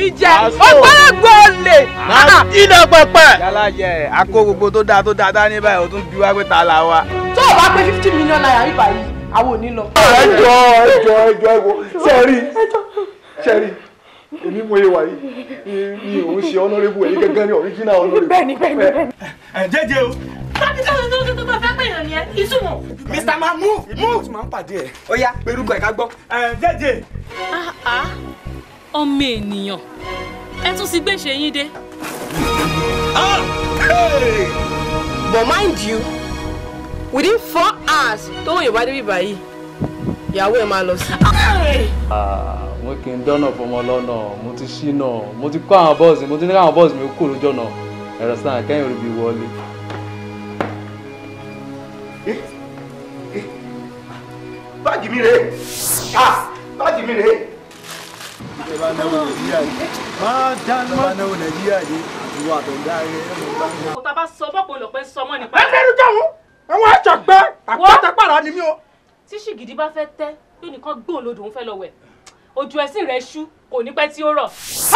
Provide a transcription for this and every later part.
mi jẹ ọgbọ́nàgbọ́ olè. iná pẹpẹ. yálà yẹ akó gbogbo tó dáa tó dáa dání báyìí o tún bí wá pé ta la wa. tó o bá pé fifty million naira rí báyìí àwọn ò ní lọ. ẹjọ ẹjọ ẹjọ ẹwọ sẹẹri sẹẹri èmi mo ye wà yìí mi ò ń ṣe honorable èyí gẹ́gẹ́ ní original honorable. bẹ́ẹ̀ni bẹ́ẹ̀ni bẹ́ẹ̀ni. ẹ jẹjẹ o. tàbí tó tó tó tó tó fẹ́ pè yàn ni ẹ ìsúnmọ̀. mr man Mu. move. èmi mo ti máa ń pàdé ẹ. ó yá pẹ̀lú kọ̀ gbọ́. ẹ jẹjẹ ọmọ ènìyàn ẹ tún ti gbèsè yín dé. Ah! but mind you within four hours tó wọ́n ìwádìí bíbá yìí ìyàwó ẹ̀ máa lọ sí. mo ah, kì í dọ́nà fọmọ lọ́nà mo ti ṣínà mo ti kó àwọn bọ́ọ̀sì mo ti ní káwọn bọ́ọ̀sì mi kú lójú ọ̀nà ẹ̀rọ sáà kẹ́yìn orí mi wọlé. Eh, eh. báàgì mi rèé ah, báàgì mi rèé bá náwó nàìjíríà yìí máa dáná bá náwó nàìjíríà yìí àtiwọ́ àtọ̀dá rẹ̀ ẹ̀ mo bá bá sọ bọ́pọ̀ lọ pé sọmọ nípa. ẹ fẹ́ẹ́ rújọ òun àwọn àjọgbẹ́ àpótápàrà ni mí o. tí ṣìgìdì bá fẹ́ tẹ́ yóò nìkan gbóòn lodò òun fẹ́ lọ wẹ̀ ojú ẹsìn rẹ̀ ṣú kò ní pẹ́ tí ó rọ̀.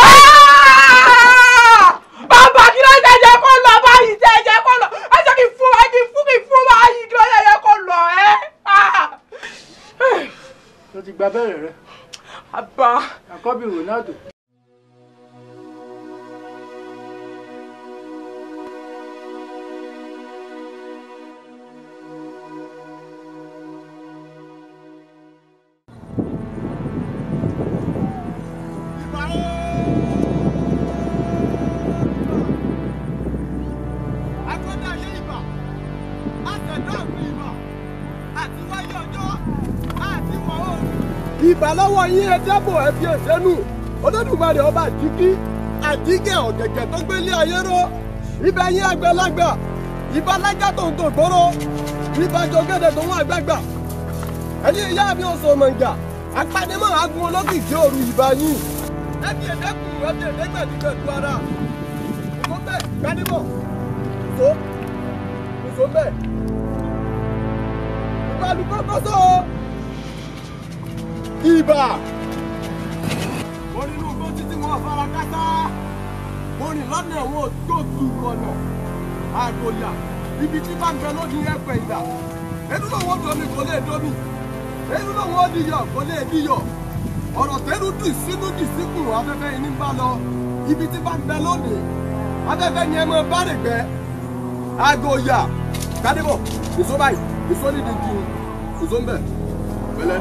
Ah! bàbá kí ló ń tẹ̀jẹ̀ kó lọ báyìí tẹ̀jẹ̀ kó lọ ẹ jẹ́ kí n fún wa kí n fún kí n fún wa yìí kí ló yẹ kó lọ ẹ́. ló ah! ti gba bẹ́ẹ̀rẹ̀ rẹ̀. Aba. Àkọ́bí Ronaldo. yín ẹ dábò ẹ fi ẹsẹ̀ nù olódùmarè ọba àdìgí àdìgẹ ọ̀gẹ̀gẹ̀ tó gbélé ayé ró ibẹ̀ yín àgbàlagbà ibà lájà tó ń tó gbóró ibà jọgẹ́dẹ̀ tó wọ́n àgbàgbà ẹ̀yin ìyá mi ọ̀sán mọ̀ǹgà apanimọ̀ agun olókìkí òru ìbá yín. ẹ fi ẹ̀dẹ́ kù ẹ fi ara ìkó bẹ́ẹ̀ gbanimọ̀ ìṣó ìṣó bẹ́ẹ̀ ìbálòpọ̀ kọ́sọ́ ibà. mo nínú igbó títí wọn fara kátá mo rìn lọ́nà ẹ̀wọ̀n tó tu ọ̀nà àgòyà ibi tí bá ń bẹ lójú ẹgbẹ̀ ìdá ẹnu náà wọ́n domi kò lè domi ẹnu náà wọ́n diyọ̀ kò lè diyọ̀ ọ̀rọ̀ tẹ́nu dì sínú dì síkùn afẹ́fẹ́ yìí ní bá lọ ibi tí bá ń bẹ lónìí afẹ́fẹ́ ni ẹ mọ bá rè gbẹ àgòyà kádébọ̀ ìsó báyìí ìsó nídìí ju ìsó ń bẹ̀ pẹ̀lẹ́.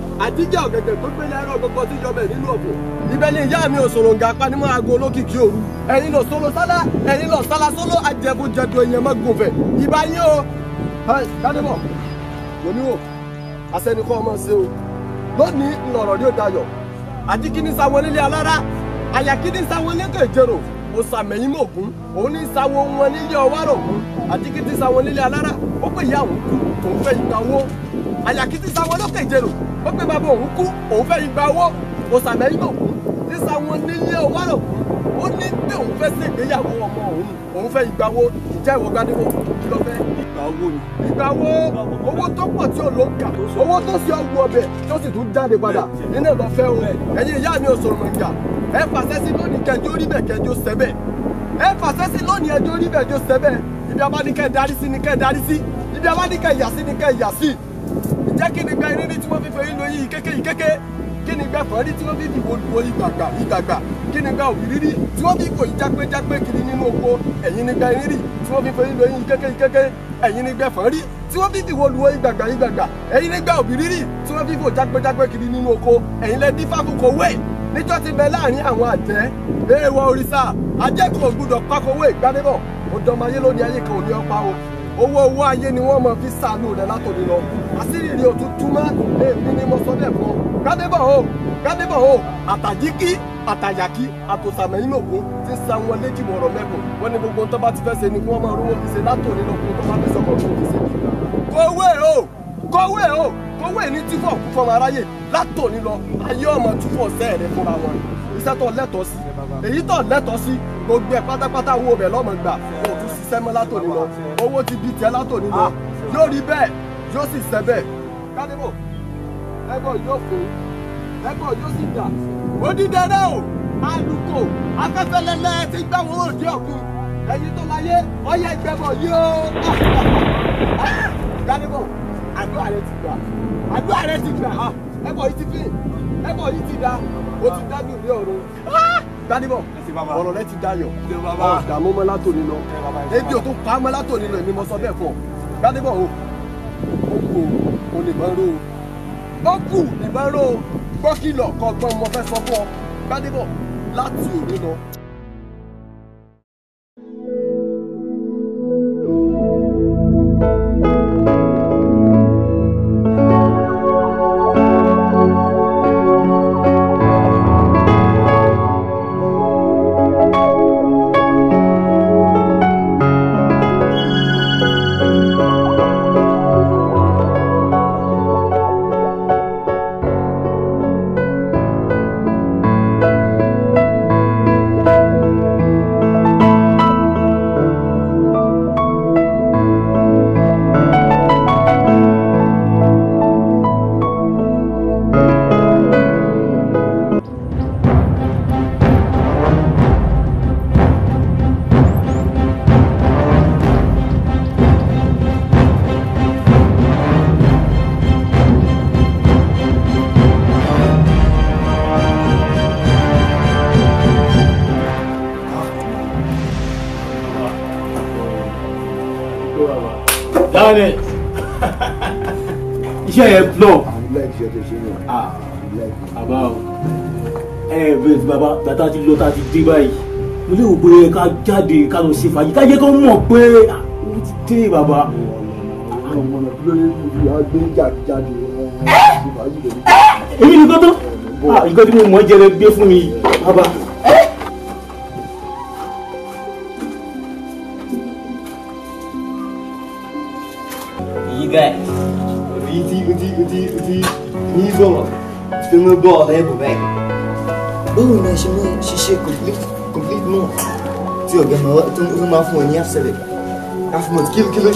àtijọ́ ọ̀gẹ̀dẹ̀ tó gbélé ẹran gbogbo tí jọba ẹ̀ nínú ọ̀pọ̀ ibẹ̀ ni ìyá mi òṣòròǹgà apanimọ̀ aago olókìkí òru ẹ̀yin lọ solo sálá ẹ̀yin lọ sálá solo ajẹ́bùjẹ̀dù èèyàn mọ́gùn fẹ̀ ìbá yín o kádébọ̀ lóní o asẹ́nikọ́ ọmọ ṣe o lónìí ńlọrọ̀ ní òdayọ̀ àjíkíní sáwọn ilé alára àyàkíní sáwọn ilé kẹjẹrò òsàmẹ̀yìn mọ̀gún òun ní sáwọn wọn nílé ọwárọ̀ òun àjíkíní sáwọn ilé alára ó pè yá òun kú òun fẹ́ ìgbà owó àyàkí ti sáwọn lókè ìjẹrò ó pé bàbá òun kú òun fẹ́ gba owó òsàmẹ́yìn náà kú ní sáwọn nílé ọwọ́ náà kú ó ní pé òun fẹ́ ṣègbéyàwó ọmọ òun òun fẹ́ gba owó ìjà ìwọ gbadébọ̀ kí ló fẹ́. ìgbà owó ni. ìgbà owó owó tó pọ̀ tí ò ló ń kà owó tó sì ọ̀wù ọbẹ̀ tó sì tún jáde padà nínú ẹ̀ fẹ́ o ẹ̀yin ìyá mi ò sọ̀rọ̀ ìjà ẹ fàṣẹ sí lónìí kẹjọ rí bẹ́ẹ̀ kẹjọ sẹ́bẹ̀ ẹ fàṣẹ sí lónìí ẹjọ rí bẹ́ẹ̀ kẹjọ sẹ́bẹ̀ ibi abánikẹ́ darí sí ni kẹ́ darí sí ibi abánikẹ́ yà sí ni kẹ́ yà sí jẹ́ kí ni gba ìrírí tí wọ́n fi fẹ́ yín lo yín kéke yín kéke kí ni gba fọ́rí tí wọ́n fi fìwò wo ìgbàgbà ìgbàgbà kí ni gba òrírí tí wọ́n fi wò yín jágbéjágbé kiri nínú oko ẹ̀yin ni gba ìrírí tí wọ́n fi fẹ́ yín lo yín kéke yín kéke ẹ̀yin ni gba fọ́rí tí wọ́n fi fìwò wo ìgbàgbà ìgbàgbà ẹ̀yin ni gba òrírí tí wọ́n fi wò jágbéjágbé kiri nínú oko ẹ̀yin lẹ dífá fún kòwé níjọ́ ti bẹ láàrin àwọn àjẹ́ èèwọ̀ òrìṣà ajẹ́kọ̀ọ́ gbọ́dọ̀ pákowó ìgbàdébọ̀ ó ayé lónìí ayé kan ò ní ọpa o owó owó ayé ni wọ́n mọ fi sáànù rẹ̀ látòdì lọ àṣírí ò tún túmọ̀ èmi ni mo sọ bẹ́ẹ̀ fún ọ kádébọ̀ o kádébọ̀ o àtàjíkí àtàyàkí àtòsàmẹ́yìn lògùn ti ń sa wọn léjì bọ̀rọ̀ mẹ́kùn wọn ni gbogbo tó bá ti fẹ́ ṣe ni kí wọ́n máa rówó fi ṣe látòrí lọ́kùnrin tó bá fi sọ̀rọ̀ tó fi ṣe. kówé o kówé o kówé ní túfọ̀ kú fọmọ aráyè látòrí lọ ayé ọmọ túfọ̀ sẹ́ẹ̀ rẹ fúnra wọn iṣẹ́ tó lẹ́tọ̀ọ́ sí èyí tó lẹ́tọ̀ọ́ sí gbogbo ẹ̀ pátápátá owó bẹ̀ lọ́mọ gbà kó o tún ṣiṣẹ́ mọ́ látòrí lọ owó ti di tiẹ̀ látòrí lọ lórí bẹ́ẹ̀ yóò sì ṣẹ bẹ́ẹ̀ kádébò ẹgbọ́ yóò fò ẹgbọ́ yóò sì dà ó dídẹrẹ o alùkò afẹ́fẹ́ lẹ́lẹ́ ti gbà wọ́n òde ọ̀gbun ẹ̀yin tó láyé ọyẹ ìgbẹ́bọ̀ yóò kádébò àdúrà rẹ ti gbà àdúrà rẹ ti gbà ẹgbọ́ yìí ti fi ẹgbọ́ yìí ti da ó ti dájú ní ọ̀run gbadibọ ọ̀rọ̀ rẹ ti dayọ̀ ọdààmú mọlá tòní lọ ebi o tún pa mọlá tòní lọ èmi mọ sọ bẹ́ẹ̀ fọ gbadibọ o wò ó lè mọ́ ró ó kù lè mọ́ ró gbọ́kìlọ̀ kọ̀ọ̀kan mo fẹ́ sọ fún ọ Gbádébọ̀ láti òní lọ dé báyìí mo lérò pé ká jáde ká lọ ṣe fàájì ká jẹ́ kó mọ̀ pé ó ti dé bàbá. èmi nìkan tó nǹkan tí mo mọ̀ jẹrẹ gbé fún mi bàbá. You guys, uti uti uti uti, ni zo, stiamo buoni, bene. Oh ni a ṣe máa ṣiṣẹ́ complete mọ́ tí ọ̀gá máa wá tó máa fún ọ ní àṣẹlẹ̀ kill. month kí kí ló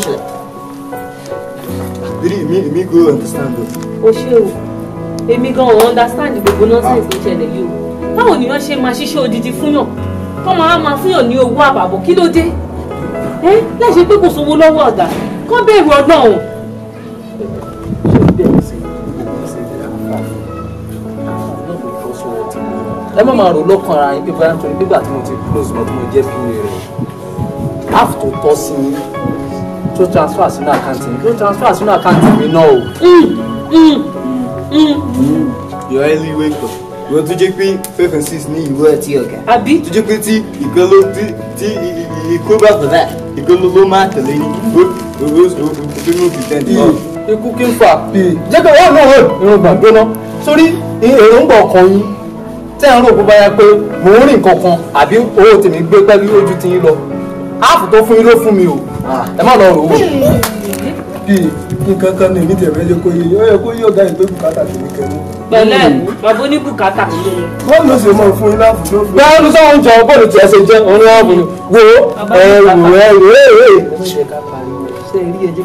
mi mi go understand Oh, o ṣe o èmi gan ò understand gbogbo nonsense tó ṣẹlẹ̀ yìí o báwo ni wọ́n ṣe máa ṣiṣẹ́ odidi fún yàn kọ́ máa máa fún yàn ní owó àbàbọ̀ kí ló dé ẹ láì ṣe pé kò sówó lọ́wọ́ ọ̀gá kọ́ bẹ̀rù ọlọ́run má máa rò lọ́kàn ara yín pé báyà nítorí nígbà tí mo ti close mọ́ tí mo jẹ́ pí rẹ̀ half tó tọ́ sí mi tó transfer sínú àkáǹtì mi tó transfer sínú àkáǹtì mi náà o. yọ ẹ lé ìwé ìtọ̀ ìwọ tó jẹ́ pé five and six ní ìwé ẹ̀ tí ọ̀gá. àbí tó jẹ́ pé tí ìkan ló tí ìkó bá fọ̀dà ìkan ló máa tẹ̀lé ní owó nínú ìtẹ́ǹtì náà. ikú kí n fà jẹ́ pé wọ́n náà hàn èròǹgbà gbóná sórí èròǹgbà ọkàn yín tẹ́ ń rò bó bá yá pé mò ń rìn kankan àbí owó tèmi gbé pẹ́lú ojú ti yín lọ áàfù tó fún yín ló fún mi o ẹ má lọ rò ó. bí nǹkan kan ní èmi tẹ̀wé yẹ kó yé yẹ kó yé ọ̀gá yìí pé bùkátà ti mi kẹ́mi. pẹ̀lẹ́ bàbá ní bùkátà. wọ́n ló ṣe máa fún yín láàfù tó fún yín. bẹ́ẹ̀ ló jọ bọ́ọ̀lù tí ẹ ṣe jẹ́ òun láàbù wo ẹ wò ẹ wò ẹ wò ẹ. ṣé eré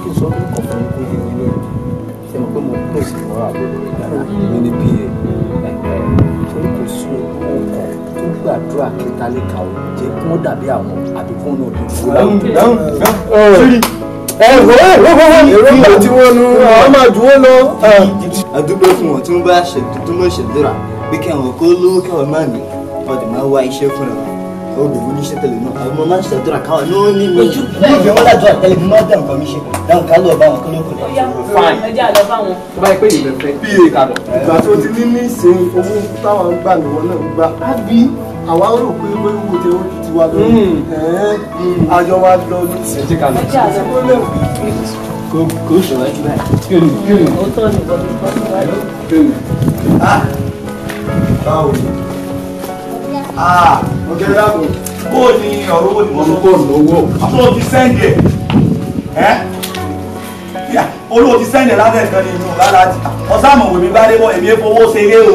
so ọkàn tó gbàdúrà kí tálákà ò jẹ́ kí wọ́n dàbí àwọn àbí kí wọ́n náà lè fún wa. ẹ̀rọ ẹ̀rọ ìgbà wọ́n nu wọ́n máa dúró lọ. àdúgbò fún wọn tí wọ́n bá ṣètò tó mọ̀ ṣèdúrà bí kí kó lówó kí máa ní ọdún máa wá iṣẹ́ fúnra wọn obìnrin oníṣẹ́ tẹ̀lé náà àwọn ọmọ máa ń ṣàdúrà káwọn ní wọ́n ní mi ojú bẹ́ẹ̀ ní wọ́n dàdúrà tẹ́lẹ̀ mi máa dàn kọ́mí ṣe dáhùn ká lọ́ọ́ bá wọn kọ́lé kọ́lé. ọ̀ya fine ẹja lọ bá wọn. tó bá yẹ pé ìbẹ̀ fẹ́ bí èyí kalọ̀. ìgbà tó ti ní ní ìsìn owó táwọn ń gbà lọ́wọ́ náà ń gbà á bí àwa rò pé pé wò tẹ ojú ti wá lọ àjọ wa lọ ní ìsẹ̀jẹ̀ kalọ̀ kò sọ̀rọ̀ ẹ̀ báyìí kí ni kí ni. ó tọ́ ni bọ́dún bọ́dún báyìí. báwo ni ọ̀gá ẹ̀rọ àbò. bó o ní ọ̀rọ̀ owó ni mo lọ. olùkọ́ lówó. àbúrò ti sẹ́ǹdì ẹ̀ ẹ́ olówó ti sẹ́ǹdì lábẹ́ ìkan ní inú rárá ti ọ̀sàmù wèmí bá dé bọ́ èmi é fowó ṣeré o.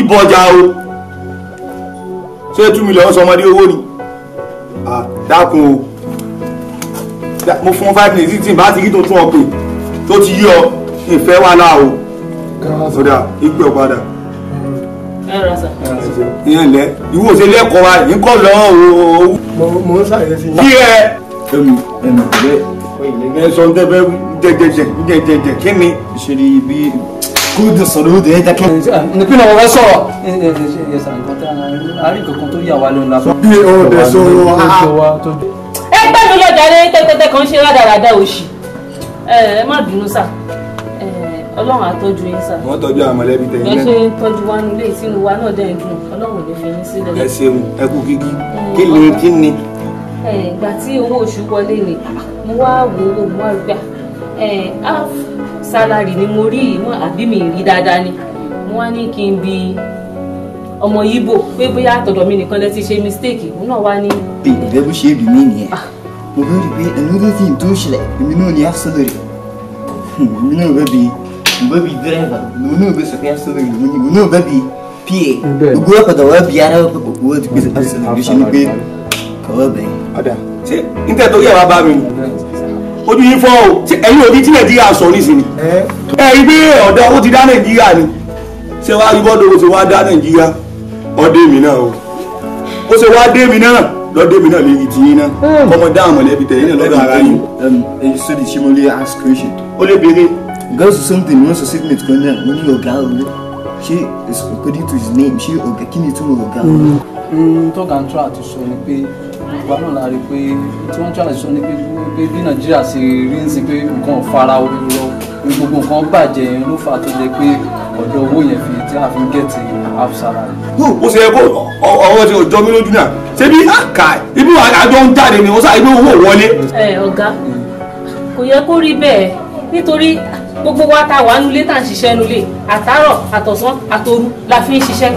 ibọjà o ṣé two million sọmọdé owó ni dákun o mo fún five minutes sixteen bá ti rí tó tún ọ pé tó ti yí ọ ìfẹ́ wà láà o sọdá ọ̀padà ìyẹn lẹ ìwọ ṣe lẹkọọ wa yìí kọ lọ o. mo ń ṣàyẹ̀sí. kí ẹ ẹ sọ ń tẹ́fẹ́ jẹjẹjẹ jẹjẹjẹ kí ni. ìṣèlú ibi kúndùn sọ̀rọ̀ ó dẹ̀ dákẹ́. nípínlẹ̀ wọn fẹ́ sọ̀rọ̀. àárín kankan tó yà wá ló ń la. bí ọ̀dẹ̀ sọ̀rọ̀ ẹgbẹ́ mi lọ́jà tẹ́tẹ́tẹ́ kan ṣe rádaràda òṣì ẹ má bínú sáà ọlọ́run á tọ́jú yín sá. wọ́n tọ́jú àwọn mọ̀lẹ́bí tẹ̀yìn náà. ẹ ṣe ń tọ́jú wa nílé ìsinú wa náà dẹ́n dùn ọlọ́run ò ní fi yín sílẹ̀. ẹ ṣeun ẹ kú kíkí kí ni kí ni. ìgbà tí owó oṣù wọlé ni mo wá wo owó mo wá gbà half salary ni mo rí ìwọ̀n àbí mi rí dáadáa ni mo wá ní kí n bi ọmọ Yíbò pé bóyá àtọ̀dọ̀ mi nìkan lẹ ti ṣe mistake òun náà wá ní. bẹ́ẹ̀ bẹ́ẹ̀ bó ṣe rí mi nìyẹn ah. mo bẹ̀rù pé another thing tó ń ṣẹlẹ̀ èmi náà ní half salary hmm, èmi náà bẹ́ẹ̀ bíi ube eh? hmm. bi driver ube bi sofia sori nunu ube bi pa ugu wa kada wa biara wa papa wa ti ni pese na bishin pe ka wa bẹ. ọ̀dà ṣé n tẹ́ tó yẹ wá bá mi ni ojú yín fọ́ o ẹ̀yin òbí tí nàìjíríà sọ nísìnyí ẹ̀ ẹ̀ gbé ọ̀dọ́ ó ti dá nàìjíríà ni ṣé wàá rí bọ́dọ̀ ó ti wá dá nàìjíríà mi náà o ó ṣe wá dé mi náà lọ́dẹ̀ mi náà lè ìdí yín náà kọ́mọ dáhùn mọ̀lẹ́bí tẹ̀yìn náà lọ́dọ̀ ara yín. ẹ ẹ sọ́dí ṣé mo lè ask question. ó lè béèrè girls do something wọ́n sọ statement kan náà wọ́n ní ọ̀gá òru ṣé according to his name ṣé ọ̀gá kí ni ìtumọ̀ ọ̀gá òru. Mm. Mm, tọ́gà ń tọ́ àti sọ ni pé gbogbo àwọn náà rí i pé tí wọ́n tọ́ àti sọ ni pé bí nàìjíríà ṣe rí ń sin pé nǹkan ò fara orí lọ gbogbo nǹkan bàjẹ́ yẹn ló fà tó jẹ́ pé ọ̀dọ̀ owó yẹn fi tí a fi ń gẹ̀tì half salary. ó ṣe kó ọwọ́ ti ọjọ́ mi lójú náà ṣé bí àkà ah! ibi àjọ ń jáde ni wọ́n sá ibi owó wọlé. ẹ ọ̀gá kò yẹ kó rí bẹ́ẹ̀ nítorí gbogbo wa ta wà nulẹ̀ tá à ń ṣiṣẹ́ nulẹ̀ àtàárọ̀ àtọ̀sán àtòru la fi ń ṣiṣẹ́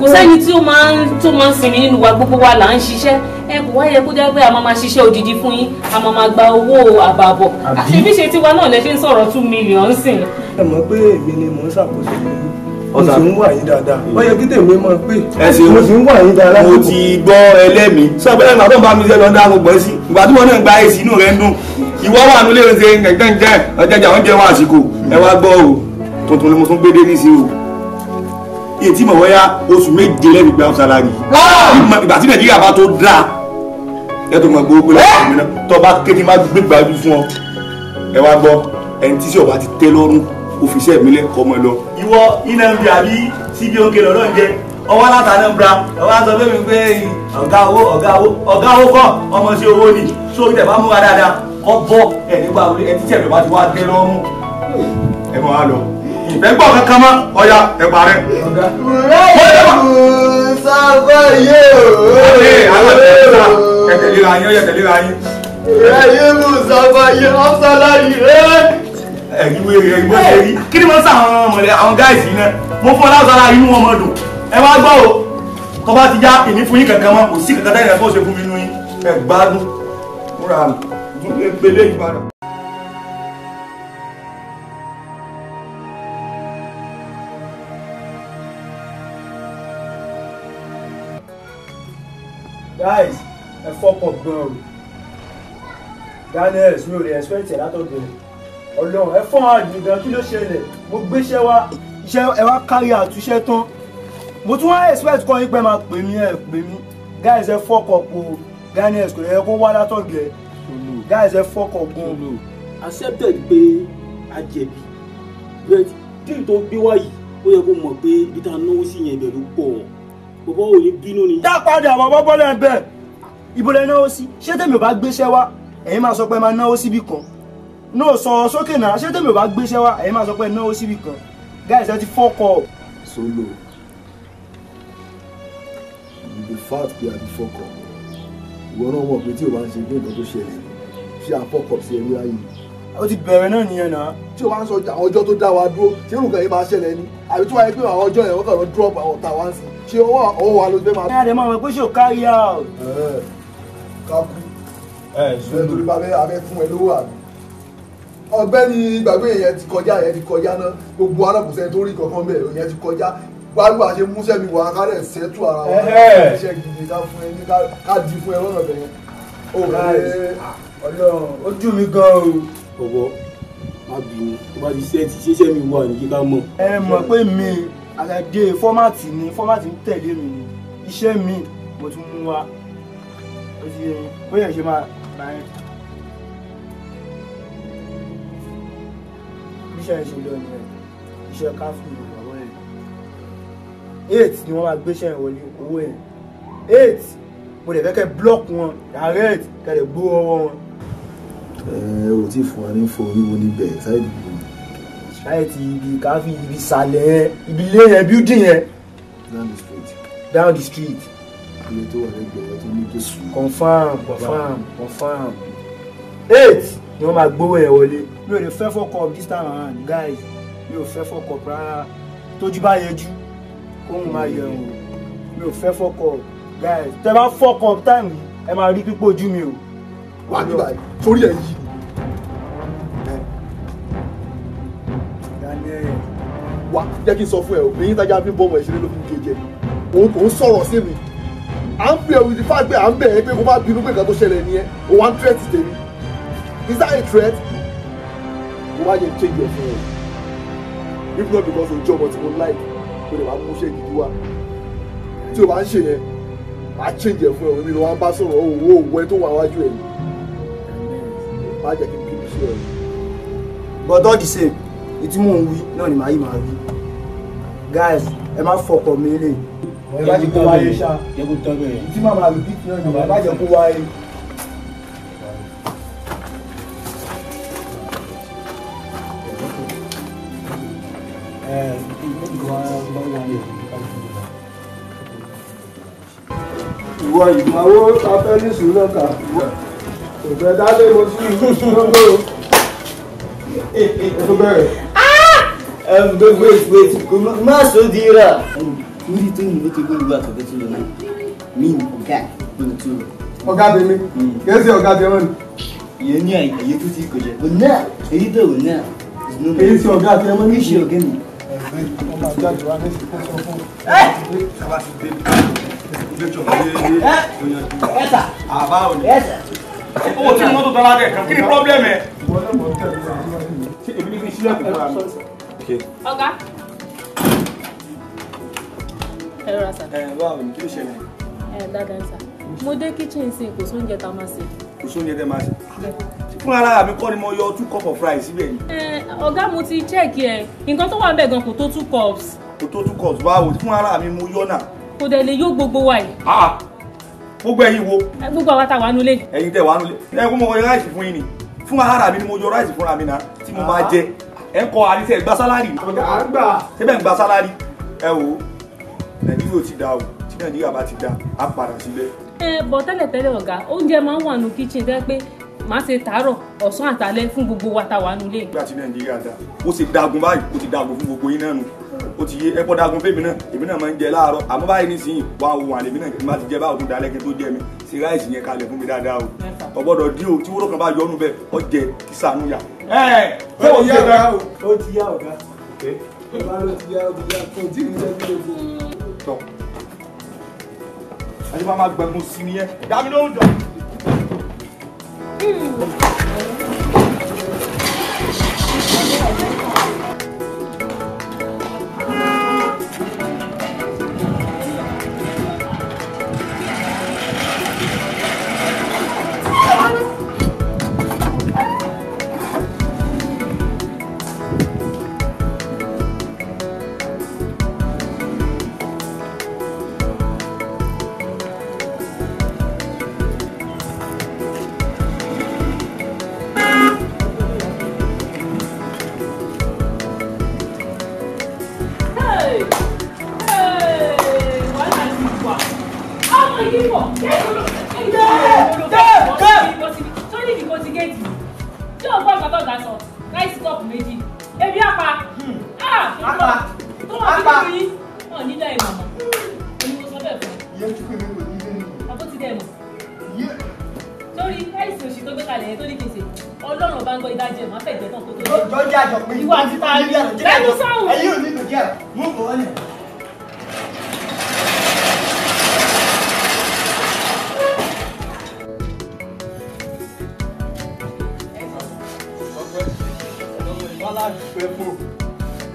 kò sẹ́ni tí ó máa ń tó máa ń sinmi nínú wa gbogbo wa là ń ṣiṣẹ́ ẹ kò wá yẹ kó jẹ́ pé a máa ma ṣiṣẹ́ odidi fún yín a máa ma gba owó àbàbọ̀ àṣebíṣe tiwa náà lẹ ṣe ń sọ̀rọ̀ two million sìn. ẹ mọ̀ pé èmi ni mò ń ṣàkóso pẹ̀lú mo sì ń wà yín dáadáa wọ́n yẹ kí tèmi mọ̀ pé mo sì ń wà yín dáadáa. mo ti gbọ́ ẹlẹ́mìí sábẹ́ ẹ̀ máa tó ń bá mi jẹ́ lọ́dá gbogbo ẹ sí ìgbà tí wọn náà gba èsì inú rẹ ń dùn ìwọ wà nílé ṣe gẹgẹgẹ ọjàjà oúnjẹ wọn àsìkò ẹ wá gbọ́ o tuntun ni mo tún gbédé nísìnyí o èyí tí mo wáyà oṣù méje lẹ́nu gba salary ìgbà tí nàìjíríà bá tó dáa ẹ tó mọ gbogbo lẹ́yìn ìgbìmọ̀ tó bá kéde má gbé gbàdú fún ọ ẹ wá gbọ́ ẹni tí sọ̀rọ̀ bá ti tẹ́ lọ́rùn òfìsẹ́ mi lẹ́ kọ́ ọmọ ẹ lọ. ìwọ iná àbí síbi oúnjẹ lọ́dọ̀ jẹ ọwọ́ látà náà ọwọ́ àtọ́ bẹ́ẹ̀ mi pé ọ̀gá owó ọ̀gá owó ọ̀gá owó kọ́ ọmọ ṣe owó ni tó tẹ̀ bá múra dáadáa kọ́ bọ́ ẹ̀ nípa ẹtí tí ẹ̀rọ bá ti wá dé lọ́rùn ẹ mọ̀ wá lọ. ìfẹ́ gbọ́ kankan mọ́ ọ̀ya ẹ̀ parẹ́. sábà yé o. ẹ tẹ̀léra yín ẹ tẹ̀léra yín. ráyé mú sábà yé ọ́sálà yìí rẹ́. ẹ̀yin wèrè ẹ̀yin bó ṣe rí. kí ni mo sàn àwọn ọmọ rẹ àwọn gáàsì náà mo fọ́ láwọn sára inú ọmọ dùn ẹ wá gbọ́ o tó bá ti já ìní fún yín kankan mọ́ kò sí kankan dáìrẹ́ fún òṣèlú mi nú yín ẹ̀ gbádùn múra gbélé ìbára. guys ẹ fọkàn gan o daniels mi ò lè expect ẹ látọ̀dọ̀ Ọlọ́run ẹ fọ́n àjùgàn kí ló ṣẹlẹ̀ mo gbéṣẹ́ wá iṣẹ́ ẹ wá kárí àtúnṣe tán mo tún wá expect kọ́ yín pé máa pè mí ẹ̀ pè mí guys ẹ fọ́kọ̀ po Ghanaians kò yẹ kó wá látọ̀gẹ̀ guys ẹ fọ́kọ̀ gan. accepted pé a jẹ̀bi but deal tó gbé wáyìí ó yẹ kó mọ̀ pé ibi tá a náwó sí yẹn ìbẹ̀rù pọ̀ bàbá ò ní bínú ni. dá padà bàbá bọ́lá ẹ̀ bẹ́ẹ̀ ibo lẹ náwó sí ṣé tèmi ò bá gbéṣẹ́ wá ẹ̀yin máa sọ pé máa náwó síbì kan náà sọ sókè náà ṣé tèmi ò bá gbéṣẹ́ wá ẹ̀yin máa sọ pé náwó síbì kan guys ẹ ti fọ́kọ̀. solo fact pé àbí fọkọ ìwọ náà mọ̀ pé tí o bá ń ṣe bí nǹkan tó ṣẹlẹ̀ ṣé àfọkọ sí ẹrí ayé. ó ti bẹ̀rẹ̀ náà nìyẹn náà. tí o bá ń sọ àwọn ọjọ́ tó dá wa dúró ṣé nǹkan yìí máa ṣẹlẹ̀ ni àbí tí wọ́n yẹ pé àwọn ọjọ́ yẹn wọ́n kàn lọ drop àwọn ọ̀tá wá sí i ṣé ọwọ́ ọwọ́ wa ló fẹ́ máa. ẹ̀ ẹ̀ máa mọ̀ pé ṣò carry out. ẹ̀ kákú ẹ̀ torí bá bẹ́ẹ̀ fún ẹ lówó àbí ọ̀gbẹ́ni gbàgbé yẹn ti kọjá yẹn ti kọjá náà gbogbo alákòóso yẹn tó rí kankan bẹ́ẹ̀ yẹn ti kọjá gbárù àṣẹ múṣẹ́ mi wà ká rẹ̀ sẹ́tù ara wa iṣẹ́ gidi ká fún ẹ ní ká di fún ẹ lọ́nà bẹ̀yẹn. Ah, ó rẹ ọlọ́run ojú mi gan o. ọ̀wọ́ má bínú tó bá ti ṣe ti ṣiṣẹ́ mi wà ní kíkà mọ̀. ẹ mọ̀ pé mi àlàdé fọ́mátì ni fọ́mátì ń tẹ̀lé mi ni iṣẹ́ mi mo tún mú wa bóyá ìṣe máa bá yẹn. iṣẹ́ ìṣèlú ẹ̀ iṣẹ́ káfíńsì eight ni wọ́n máa gbéṣẹ́ ìwọlé owó ẹ̀ eight mo dẹ̀ fẹ́ kẹ́ block wọn direct kẹ́ lè gbó ọwọ́ wọn. ẹ ò tí fún wa ní fún oríwo níbẹ̀ ṣáìdì gbogbo. ṣáìdì ibi káfí ibi ìsàlẹ̀ ibi ilé yẹn building yẹn. down the street. down the street. ilé tó wà lẹ́gbẹ̀ẹ́ tó ní tó sùn. confam confam confam eight ni wọ́n máa gbówó ẹ̀ wọlé mi ò lè fẹ́ fọ́kọ̀ this time around guys mi ò fẹ́ fọ́kọ̀ rárá tójú bá yẹjú kóhun máa yẹ̀ wò mi ò fẹ́ fọkọ guys tẹ bá fọkọ táìmù ẹ máa rí pípọ̀ ojú mi o. wà á ní báyìí torí ẹ yìí. wa jẹ́ kí n sọ fún ẹ o èyí tájà fi ń bọ́ ọmọ ìṣeré ló fi ń ké jẹ òun kò ń sọ̀rọ̀ sí mi à ń bẹ̀ wí fà gbé à ń bẹ̀ ẹ́ pé kó bá bínú pé nǹkan tó ṣẹlẹ̀ nìyẹn o wa ń threat tèmi is that a threat o wa yẹ n change your phone if not because o job, but tí mo like o lè máa mú iṣẹ́ gidi wá tí o bá ń ṣe yẹn máa change ẹ̀ fún ẹ̀ omi ló wá ń bá sọ̀rọ̀ owó òwò ẹ tó wà wájú ẹ̀ má jẹ́ kí n kí n ṣe but all the same ìtí mò ń wí náà ni màá yìí màá wí guys ẹ má fọkọ mi lè. ẹ má jẹ́ kó wáyé ṣá ìtí màmá repeat náà ni ẹ má jẹ́ kó wáyé. and ìwọ ìmọ̀wó afẹ́ ní sùúrù ká kò fẹ́ dálé mo sí gbogbo o bẹ̀rẹ̀. Um, don't wait, wait. Maso dira. Níbi tó yìnbó ti gbóògbó àtọ̀gbẹ́ tó lọ náà. Mi ọ̀gá ló tó lọ. Ọ̀gá tèmi. Hmm. Kẹ́sì ọ̀gá tèmi ni. Ìyẹn ní àyè tó ti kọjá. Òun náà, èyí tó òun náà. Èyí tí ọ̀gá tèmi ní. Èyí tí ọ̀gá mi wọ́n máa jáde wá ní ìsìnkú sọ fún sábà ti dé lẹ́tọ̀ lórí ẹ̀yànjú àbá òní. owó tí mọ́tò tó ládẹ̀ kan kí ni pọ́blẹ́mù ẹ̀. ṣé èmi ní kí n ṣílẹ̀ kí n bá mi. ọ̀gá. ẹ rọra mo dé kíchìn sí kò sóúnjẹ tá a máa kò sóúnjẹ tẹ máa ṣe. fún ara mi kọ́ ni mo yọ two cup of rice síbẹ̀ ni. Eh, ọ̀gá mo ti chẹ́ẹ̀kì ẹ̀ nǹkan tó wà ń bẹ̀ gan kò tó two cups. kò tó two yọ gbogbo wa yìí. Ah, gbogbo wo. Eh, gbogbo àwa ta wà nulẹ̀. tẹ wà nulẹ̀ ẹ kó fún yín ni fún ara mi ni mo yọ ráìsì fúnra mi náà tí mo máa ah. jẹ ẹ kọ gba sálárì. ń gbà. ń gba sálárì ẹ máa ṣe tàárọ̀ ọ̀sán àtàlẹ́ fún gbogbo wa táwa nulẹ̀. nígbà tí nàìjíríà dá ó ti dagun báyìí ó ti dagun fún gbogbo yín náà nù ó ti yé ẹ̀pọ̀ dagun fèmí náà èmi náà máa ń jẹ láàárọ̀ àmọ́ báyìí nísìnyí wà wò wà lèmi náà kí n bá ti jẹ báwo tó dalẹ́ kí n tó jẹ mi sí ráìsì yẹn kalẹ̀ fún mi dáadáa o ọgbọ́dọ̀ dí o tí wúrọ̀ kan bá yọ ọ́nù ọ jẹ kí sànú yà. ẹ ẹ ṣé o ti yá ọ̀gá o ti yá ọ̀gá ọba ló ti yá ọ̀gá kò tí ì ń jẹ́ kí ló dé. tọ́ àti máa ma gbẹ̀mú sí ni yẹn dábìlóhùn dọ̀. Mmm. ìwọ àti ta ni lẹ́nu sáwọn. ẹ̀yin ò ní ìlú díẹ̀ mú kò wọlé. aláṣẹ fún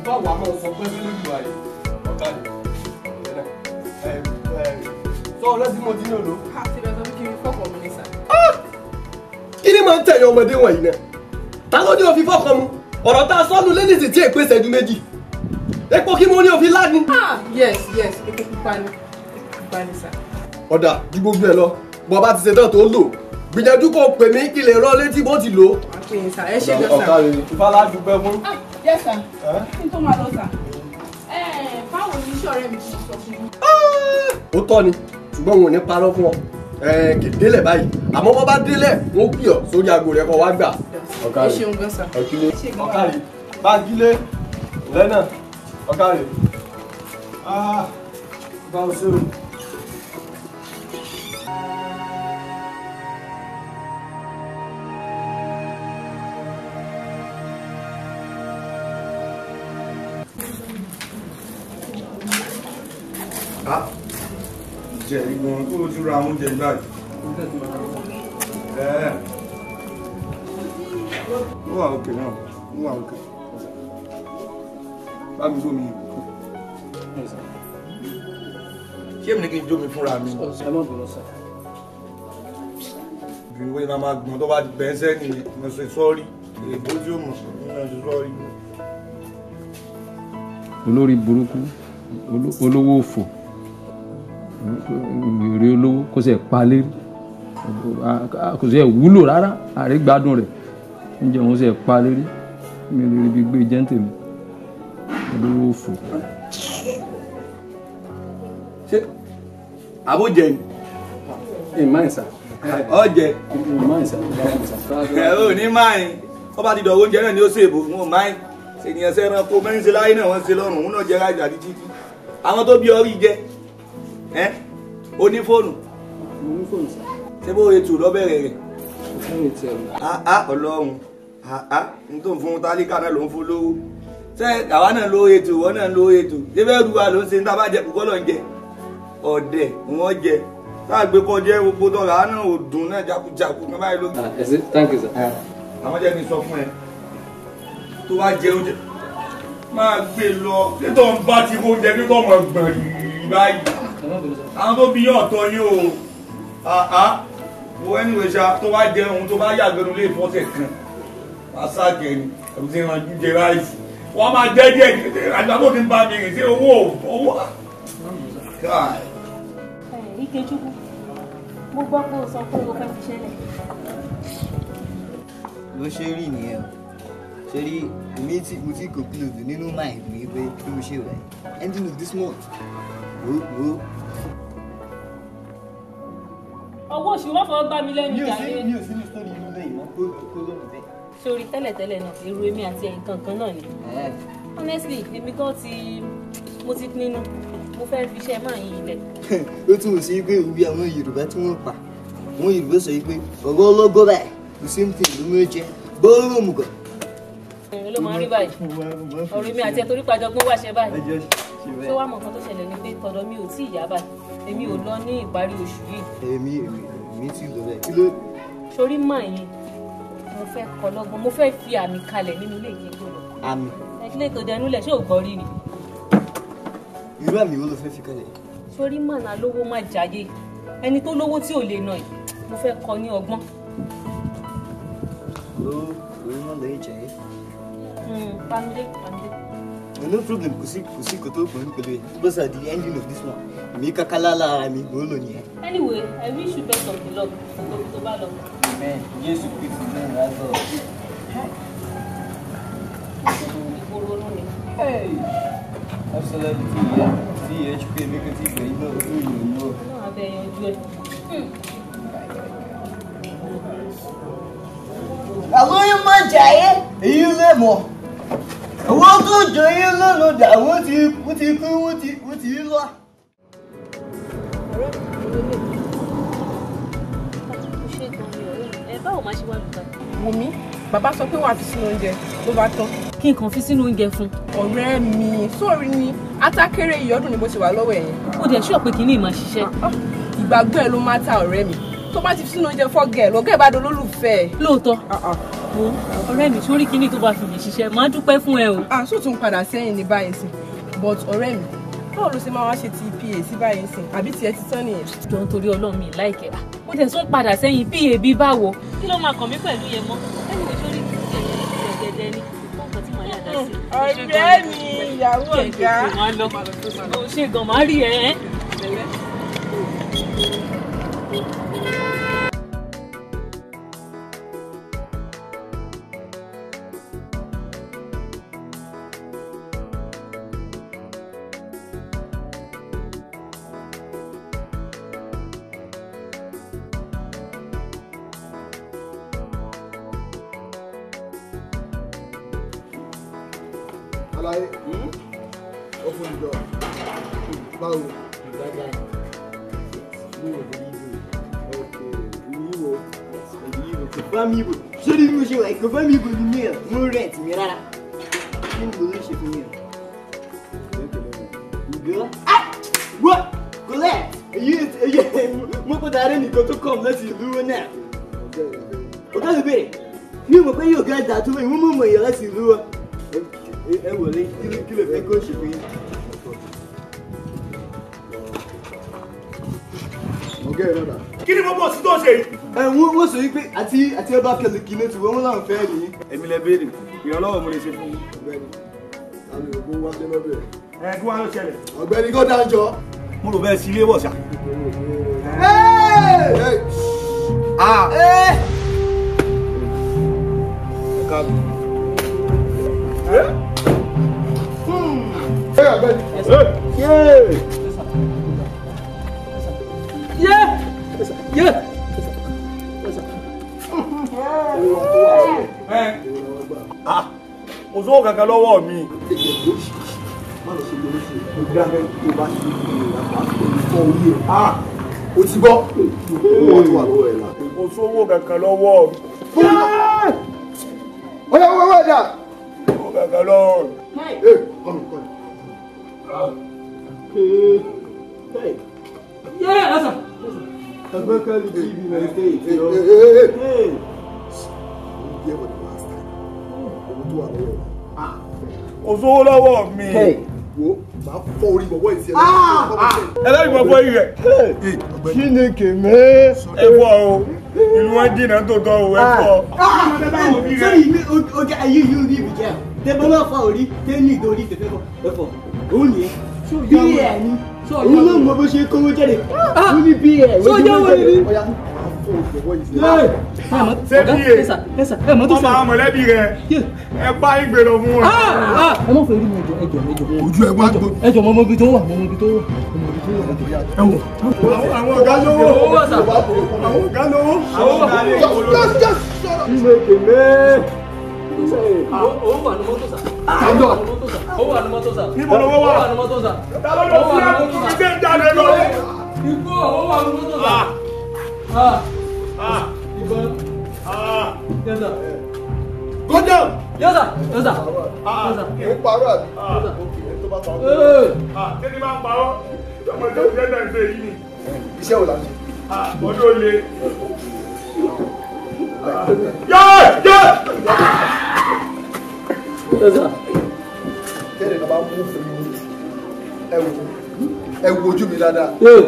bá wà máa sọ pé sílẹ̀ ìlú kí ni máa ń tẹ̀yìn ọmọdé wọ̀nyí náà ta ló ní o fi fọ́ọ̀kan mu ọ̀rọ̀ tá a sọ́nu lẹ́nìsì tí èpè ṣẹ́jú méjì epo kí mo ní òfin láàánú. ah yes yes epo pupa ni pupa ni sà. ọ̀dà ju gbogbo ẹ̀ lọ bọ́ bá ti ṣe tán tó lò gbìyànjú kò pè mí kí lè rán létí bó ti lò. ẹ ṣe jọ sà. ọ̀tá rere ìfàlà dúpẹ́ fún. ah yes sà kí n tó máa lọ sà báwo ni iṣẹ́ ọ̀rẹ́ mi ti sọ fún mi. Ah, ó tọ́ ni ṣùgbọ́n òun ò ní parọ́ fún ọ kì í délẹ̀ báyìí àmọ́ wọ́n bá délẹ̀ wọ́n pì ọ́ sórí aago rẹ̀ kọ́ wá gbà. ọ̀kàrẹ̀ ọ̀kàrẹ̀ bágilé lẹ́nà ọ̀kàrẹ̀ ah, bá o ṣe o. oúnjẹ ìgbọ̀n tó o ti ra oúnjẹ báyìí. ó wà òkè náà ó wà òkè bá mi ṣé èmi ni kí n jómi fúnra mi. ẹ má bọ̀ máa gbọ́n tó bá bẹ́ẹ̀ sẹ́ni mo ṣe sọ́ọ́rí èbó tí ó mọ̀ mo ṣe sọ́ọ́rí. olórí burúkú olówó òfò èrè olówó kò sì ẹ̀ palẹ̀ kò sì ẹ̀ wúlò rárá àrígbádùn rẹ̀ oúnjẹ òun sì ẹ̀ palẹ̀ rí mi lórí ibi gbé jẹ́ǹtẹ̀ mi olówó òfò. ṣé àbójẹ ni ìmọ̀ ìsà ọ̀jẹ̀ ìmọ̀ ìsà ẹ̀rọ ò ní máa ń wọ́n bá ti dọ̀wọ́ oúnjẹ náà ni ó ṣèbò fún un máa ń ènìyàn sẹ́ran kó mẹ́rin ṣe láyé náà wọ́n ṣe lọ́rùn òun náà jẹ́ rájà títí àwọn tó bí ọrí jẹ o ní fóònù. mo ní fóònù sá. ṣé bó o ètò lọ́bẹ̀rẹ̀ rẹ̀. mo fẹ́ràn ètò ẹ̀rọ. àá ah, ah, ọlọ́run àá ah, n tó ń fún tálíkà náà ló ń fún lówó ṣé àwa náà ló ètò ìwọ náà ló ètò ṣé bẹ́ẹ̀ ru wa ló ń ṣe ní tábà jẹ kúkọ́ lọ́n jẹ ọ̀dẹ̀ wọ́n jẹ láàgbé kọjá gbogbo tọ́ra náà ò dùn náà jákujáku náà báyìí ló. ẹ ṣe thank you sir. àwọn jẹ́ mi sọ fún ẹ tó bá jẹ oúnjẹ máa gbé lọ nítorí bá ti kó oúnjẹ nítorí ọmọ gbọ̀n yìí báyìí àwọn tó bí yóò tọ́ yín wo ẹni wẹ̀ tó bá jẹ ohun tó bá yàgbẹ́nu lé ìfọ́sẹ̀ kan wàá sáàkẹ́ ni ti ràn jíjẹ ráìsì wọ́n máa jẹ́ díẹ̀ àgbàgbọ́ ti ń bá mi rìn sí owó owó. Ikechukwu mo gbọ́ pé o sọ pé o fẹ́ fi ṣẹlẹ̀. ló ṣe rí nìyẹn o ṣe rí èmi tí mo ti conclude nínú mind mi pé kí mo ṣe wẹ̀ ending of owó oṣù wọn fọwọ́ gbá mi lẹ́nu jàre. mi ò sí ní sórí inú lẹ́yìn mọ́ kó lónìí bẹ́ẹ̀. sórí tẹ́lẹ̀tẹ́lẹ̀ náà èrò èmi àti ẹ̀yìn kankan náà ni. honestly èmi kan ti mo ti pinnu mo fẹ́ fi iṣẹ́ máa yin ilẹ̀. ó túmọ̀ sí pé òwe àwọn Yorùbá tí wọ́n pa àwọn Yorùbá sọ pé ọ̀rọ̀ ọlọ́gọ́ báyìí kò sí ní tèmi ló mú jẹ bọ́ọ̀rù òmùgọ̀. ló máa ń rí báyìí ọ̀rọ̀ èmi àti ẹ̀ torí pàjọgbọ́n wàṣẹ báyìí tó wà mọ̀ kan tó ṣẹlẹ̀ ni pé tọ̀dọ̀ mi ò tí ì yá báyìí èmi ò lọ ní ìparí oṣù yìí. èmi èmi èmi ti lọ bẹ́ẹ̀ kí ló. sori máa yẹn mo fẹ́ kọ́ lọ́gbọ́n mo fẹ́ fi àmì kalẹ̀ nínú ilé yẹn tó lọ. àmì. ilé tó dẹnu lẹ̀ ṣé ò gbọ́ rí ni. irú àmì wo ló fẹ́ fi kalẹ̀. sori máa na lówó má jayé ẹni tó lówó tí ò lè nà yìí mo fẹ́ kọ́ ní ọgbọ́n. ló lórí náà lè jẹ́. bámilé bámilé but no problem kò sí kò sí kòtò òpin because at the ending of this one mi kaka lára ara mi mo lò anyway i wish you best of luck for tó bá lọ. amen jésù kristu ní ìrásọ. ìkóró ló ní. absolutely ìyá tí hp make it ìgbẹ́ iná ojú No, I náà abẹ yanjú ẹ. àlóyún má jẹ́ ayé You lè more àwọn tó jẹ yín lọ́nà dà wọ́n ti wọ́n ti kú wọ́n ti wọ́n ti lọ́. báwo máa ṣe wá lùgbà. wùmí bàbá sọ pé wàá fi sínú oúnjẹ ló bá tán. kí nǹkan fi sínú oúnjẹ fún. ọ̀rẹ́ mi sórí ni atákéré ìyọ́dún ni mo ṣe wà lọ́wọ́ ẹ̀yìn. ó dẹ̀ ṣọ́ pé kínní ìmọ̀ ṣiṣẹ́. Ah, ah, ìgbàgbọ́ ẹ ló máa ta ọ̀rẹ́ mi tó bá ti fi sínú oúnjẹ fọ́gẹ̀ lọ́gẹ́ ìbádọ́ lólùfẹ́. lóòótọ́ ah, wo ọ̀rẹ́ mi sórí kíní tó bá fi lè ṣiṣẹ́ máa dúpẹ́ fún ẹ o. àṣù ah, tún padà sẹ́yìn ní báyìí sí but ọ̀rẹ́ mi báwo ló ṣe máa wá ṣe ti pa sí báyìí sí àbí tiẹ̀ ti tán nìyẹn. jọ ń torí ọlọ́run mi láìkẹ́ ó ah, tẹ̀ tún padà sẹ́yìn pa bí báwo kí ló máa kàn mí pẹ̀lú yẹn mọ́ ẹni lè sórí kíní gẹ̀gẹ̀dẹ̀ ni ọ̀rẹ́ mi ìyàwó ọ̀gá. ṣé gan máa rí ẹ. girl. Ah! What? Relax. Mo kọ́ darí nìkan tó kọ̀ láti ìlú wọn náà. Ọ̀gá mi bèrè, mi ò mọ̀ pé yóò ga dà tó bẹ́ẹ̀, mo mọ̀ èèyàn láti ìlú wọn. Ẹ wọlé, kí ló fẹ́ kó ṣe fún yín? ọ̀gá ẹ̀rọ dà. kí ni mo bọ̀ sí tó ṣe yìí. ẹ wọ́n wọ́n sọ wípé àti àti ẹ bá kẹlẹ̀ kí ní tiwọn wọn làwọn fẹ́ nìyí. èmi lè béèrè ìrànlọ́wọ́ mo lè ṣe fún un. bẹ́ẹ̀ni àmì ògùn ẹ kí wọ́n á ṣẹlẹ̀. ọ̀gbẹ́ni kó dájọ́. mo rò bẹ́ẹ̀ sí ilé wọ̀ṣà. Yeah! Yeah! Ẹ lọ́wọ́ mi gbàgbé tó bá ṣe é fún ìyá bá tó ń fọ orí ẹ̀ á o ti gbọ́ owó àti wà lọ́wọ́ ẹ̀ la. kò sówó kankan lọ́wọ́ mi. ọ̀yà owó wà dà. owó kankan lọ́wọ́ mi. ee kọ́ni kọ́ni. yẹ́ẹ̀ lọ́sà. Abakali TV na ṣe ìtìyọ́. Ìjẹ́ wọ̀ ni last time. Owó tó wà lọ́wọ́. Kò sówó lọ́wọ́ mi máa fọ́ orí bọ̀bọ̀ ìtì ẹ̀ ah! lọ́wọ́. ẹlẹ́rìí bọ̀bọ̀ yìí rẹ̀ kí ni kèmé ẹ̀fọ́ o ìlú wọn jìnnà tó tọ́ o ẹ̀fọ́. sẹ́yìn ojú ayé yóò rí ibìjẹ́ tẹ́bọ́n náà fọ orí tẹ́ni ìdórí tẹ́fẹ́ fọ ẹ̀fọ́ òun nìyẹn bí ẹ̀ ni òun náà mọ bó ṣe kówó jáde òun ah! ní bí ẹ̀ òun ní bí ẹ̀ ẹ mọ tó ṣẹlẹ̀ mọ ọmọbi tó wà mọ ọmọbi tó wà ọmọbi tó wà ẹ wọ. àwọn ọ̀gá lówó àwọn ọ̀gá lówó àwọn ọ̀gá lówó. ilé kèmé. Ah. owó wà ní mọ́tò sà. Ah, owó wà ní mọ́tò sà. níbo lówó wà. owó wà ní mọ́tò sà. owó wà ní mọ́tò sà. igbó owó wà ní mọ́tò sà. Ah. Ah. Ah. Yes, sir. Go down. Ah. Yes, sir. Ah. Ẹ Ah. ni máa ń parọ́? Ọmọ ìjọba ìjọba ìjọba ìṣe yìí Ah. Ọdún olè. Yé! Yé! Yes, sir. Tẹ́lẹ̀ náà bá mú fún mi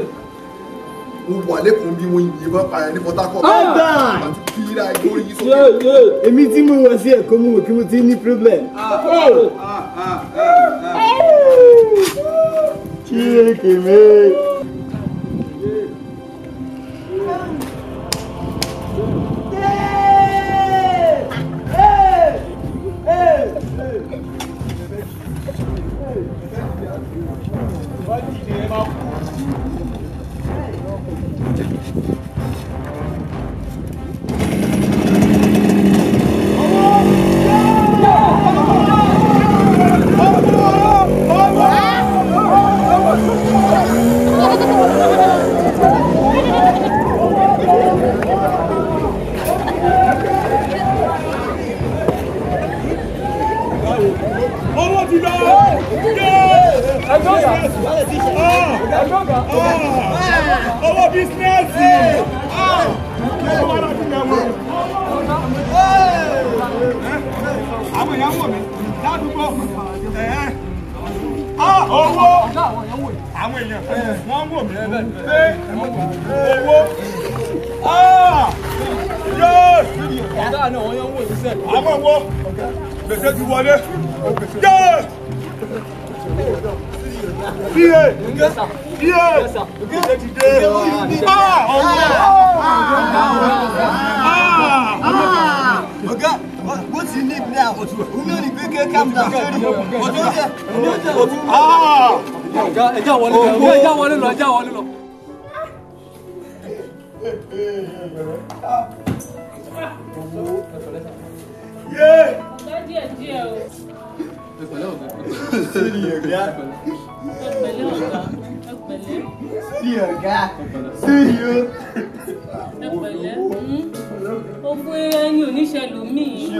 mo wà lẹ́kọ̀ọ́ bí mo yìnbọn pa ẹ̀ ní Port Harcourt. ọ̀dà yóò yóò èmi tí mo wá sí ẹ̀kọ́ mo wò kí mo ti ní problem. Ah, ah, ah, chireke mee. Suriyoga. Suriyoga. Suriyo. Ogun ẹyin ò ní ṣe lòmíì.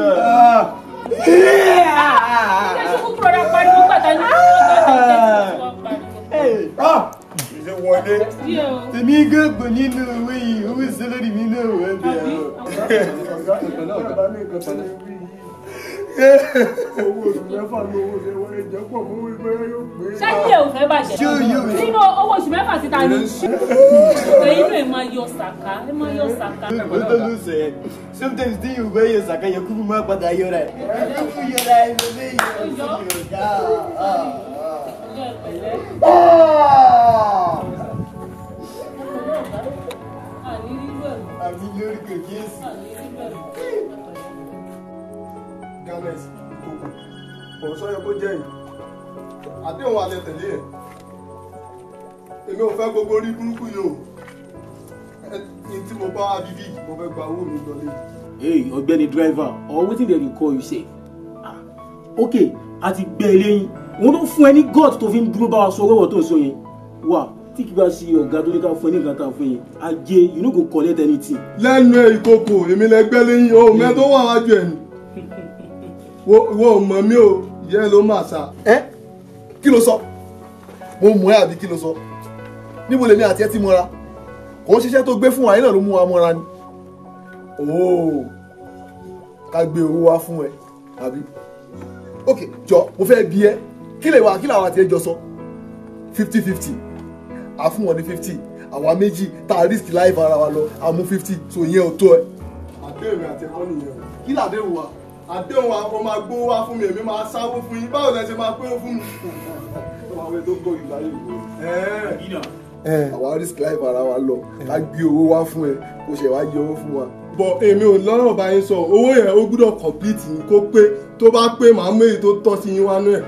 Ṣé kúkú rọra pariwo pàtàkì ní ọgbà tẹ̀síwájú? ṣe wọlé tèmi gẹ́gbọ̀n é ìwé yìí owó ìṣẹ́lẹ̀ mi náà wọ́n bẹ̀rẹ̀. owó oṣù mẹ́fà ní owó oṣù ẹwọ́n ẹ̀jẹ̀ pọ̀ mú wípé yóò gbé. ṣáyé ò fẹ́ bàjẹ́ nínú owó oṣù mẹ́fà síta ni ẹ̀yin náà ẹ̀ máa yọ sàká ẹ̀ máa yọ sàká. sometimes tí yorùbá yọ sàká yẹ kúkú máa padà yọra ẹ̀. ẹ kúkú yọra ẹ lọ lé yorùbá. àmì lórí kò kí èsì. Ganes Ìkòkò òun sọ yẹ kó jẹ́ yìí àdéhùn alẹ́ tẹ̀lé ẹ̀ èmi ò fẹ́ gbogbo orí burúkú yìí o ẹni tí mo bá wá bíbí mo fẹ́ gba owó mi lọlé. hey ọ̀gbẹ́ni driver or wetin dem dey call you say ah okay a ti gbẹ eléyìn wọn ló fún ẹ ní god tó fi ń dúró bá wa sọ wẹwọ tó ń sọ yẹn wà tí kì bá ṣe ọ̀gá tó ní ká fún ẹ ní nǹkan tá a fún yẹn ajé you no go collect anything. lẹ́nu ẹ̀ ìkòkò èmi lẹ́gbẹ́ lẹ́yìn o mẹ́tọ́ wà wájú ẹ̀ ni wo wo mọ̀ mí o yẹ ló máa sa. ẹ kí ló sọ mo mọ̀ ẹ́ àbí kí ló sọ níbo lèmi àti ẹ ti mọra kò ń ṣiṣẹ́ tó gbé fún wa yín náà ló mú wa mọ́ra ni. ooo ká gbé owó wá fún ẹ àbí ok jọ mo fẹ́ bi ẹ kí lè wà kí làwọn àti ẹ jọ sọ fifty fifty a fún wọn ní fifty àwa méjì tá a risk life ara wa lọ a mú fifty so ìyẹn ò tó ẹ. àdéhùn àti ẹ̀kọ́ nìyẹn kí làdéhùn wa àdéhùn àpò máa gbówó wá fún mi èmi máa sáwó fún yín báwo lẹ ṣe máa gbówó fún mi. ọmọ tó gbọ́ ìgbà yìí àwa risk life ara wa lọ ká gbé owó wá fún ẹ kó ṣe wá yọ owó fún wa. bọ̀ èmi ò lọ́rọ̀ bá yín sọ owó yẹn ó gbúdọ̀ complete yín kó pé tó bá pé màá mú èyí tó tọ́ sí yín wá náà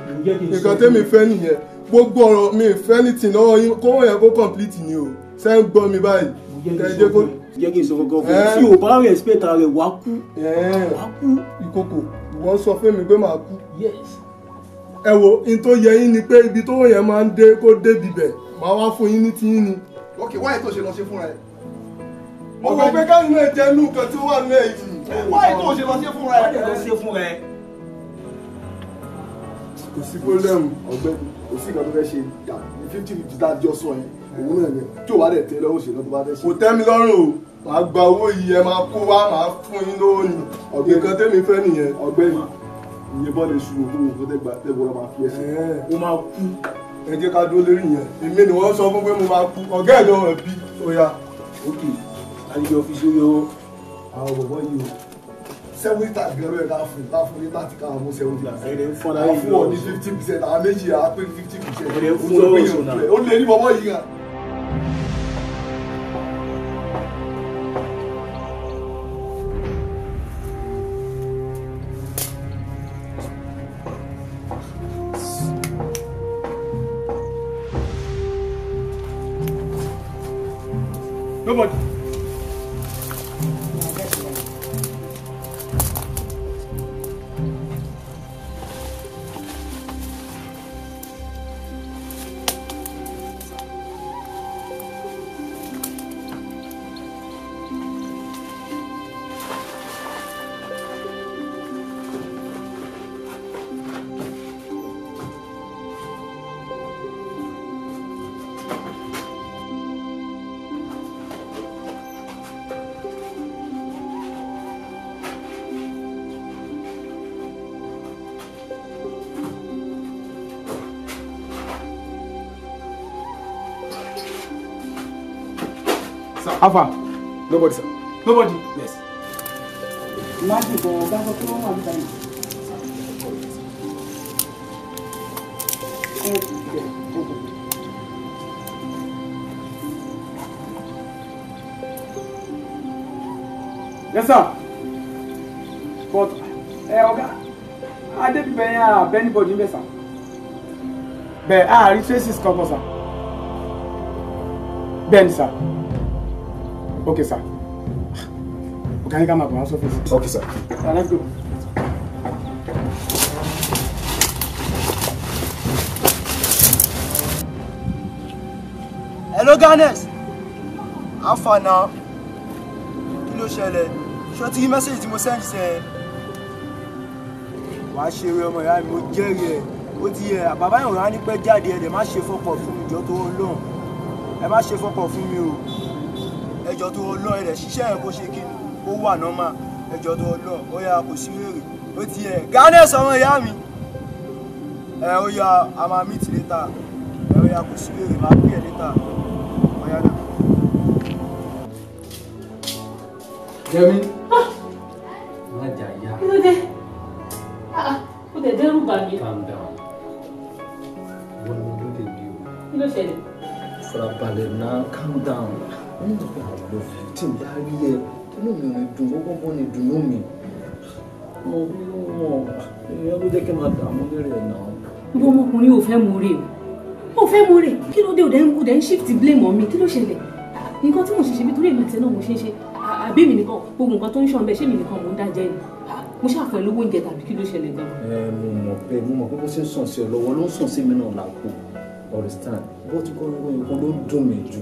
nǹkan tẹ́mi fẹ́ nìyẹn gbogbo ọ̀rọ̀ mi ìfẹ́ nìtì lọ́wọ́ yín kówó yẹn kó complete yín o ṣé ń gbọ́ mi báyìí kẹ́ ẹ kó jẹ́ kí n sọ kankan fún un eh. tí o bá respect ara rẹ̀ wá kú. Eh. wá kú. ìkòkò ìwọ sọ fún mi pé màá kú. ẹ wo n tó yẹ yín ni pé ibi tó yẹn máa ń dé kó dé bibẹ̀ màá wá fún yín ní tiyín ni. ok wáyé tó ṣe lọ ṣe fúnra ẹ. mo gbọ́ pé káyọ̀ náà jẹ́ inú kan tí ó wà nílẹ̀ yìí. wáyé tó ṣe lọ ṣe fúnra ẹ. wáyé tó ṣe fúnra ẹ. kò sí pólẹ́mù ọ̀gbẹ́ni kò sí nǹkan tó fẹ́ ṣe fifty fifty tá a jọ sọ yẹn òun náà yẹn tí ò bá dẹ̀ tẹ́ lọ́rùn ṣe lọ́dún bá fẹ́ ṣe. kò tẹ́ mi lọ́rùn o màá gba owó yìí ẹ máa kó wá màá fún yín lówó ni ọ̀gbìn kan tẹ́mi fẹ́ nìyẹn ọ̀gbẹ́ni ìyẹn bọ́ọ̀lù ìṣòro tó wù kó tẹ́gbà tẹ́gbọ́n máa fi ẹsẹ̀ ó máa kú ẹ jẹ́ ká dúró lórí yẹn èmi ni wọ́n sọ fún pé mo máa kú ọ̀gá ẹ̀ lọ́wọ́ bí ó yá òkè àyíjọ fi ṣe yọ àwọn bọ̀bọ̀ yìí o seventy ta gẹ̀rọ ẹ̀ ká fún ká fún ní láti ká àwọn seventy ta fún ọ ní fifty percent àwọn méjì àá pé fifty percent ó lè ní bọ̀bọ̀ yìí kan. Alpha. Nobody, sir. Nobody. Yes. Yes, sir. But, eh, ọ̀gá, Adébíyẹn àbẹ́ anybody ń bẹ̀ sà. Bẹ́ẹ̀ àárí traces kan bọ̀ sà. Bẹ́ẹ̀ ni sà. Okay, sir. Can you come up to my office? Okay, sir. Uh, let's go. Hello, Ganes. How far now? Kí ló ṣẹlẹ̀? Ṣé ti message tí mo send ṣe? Wàá ṣe eré ọmọ ìyá mi, mo jẹ́rìí ẹ̀. Ó ti yẹ àbàbá ìrànlọ́wọ́ ní pẹ́ jáde ẹ̀ dẹ̀ má ṣe fọkọ̀ fún ìjọ tó ń lóhùn. Ẹ má ṣe fọkọ̀ fún mi o ẹjọ́ tó lọ ẹ̀rẹ̀ ṣiṣẹ́ ẹ̀ bó ṣe kí ó wà nọ́mà ẹjọ́ tó lọ ó yà kò sí wèrè ó ti ẹ̀ gánà sọmọ ìyá mi ẹ ó yà á máa mí tì létà ẹ ó yà kò sí wèrè máa pè é létà ọ̀yà náà. Jẹ́mi. Ah! Má jà yá. Kí ló dé? Ah, ah, ó tẹ̀ dẹ́rù bà mí. Calm down. Wọ́n ló lè bí o. Kí ló ṣẹlẹ̀? Farabalẹ̀ náà calm down wọ́n nígbà pé àjùlọ tí n bá rí ẹ inú mi ò ní dùn ó gbọ́ngbọ́n ní dùnú mi mo rí wọn ìyẹn ló jẹ́ kí n máa dààmú lérè ẹ̀ náà. bó ọmọkùnrin ò fẹ́ mú rè o ò fẹ́ mú rè kí ló dé ò dẹ́ ń shift blame on me kí ló ṣẹlẹ̀ nǹkan tí mo ṣe ṣe bí torí èmi àti ẹ náà mo ṣe ń ṣe àbí mi nìkan gbogbo nǹkan tó ń ṣàn bẹ́ẹ̀ ṣé mi nìkan mò ń dájẹ́ ni mo ṣàfọ̀ ẹ lówó oúnjẹ tàbí kí ló ṣẹlẹ̀ gan. ẹ mo mọ̀ pé mo mọ̀ pé bó ṣe ń sàn sí ọ lọ́wọ́ ló ń sàn sí mi náà làkú understand bó ti kọ́ ọ́ lóyún ló ń dùn mí jù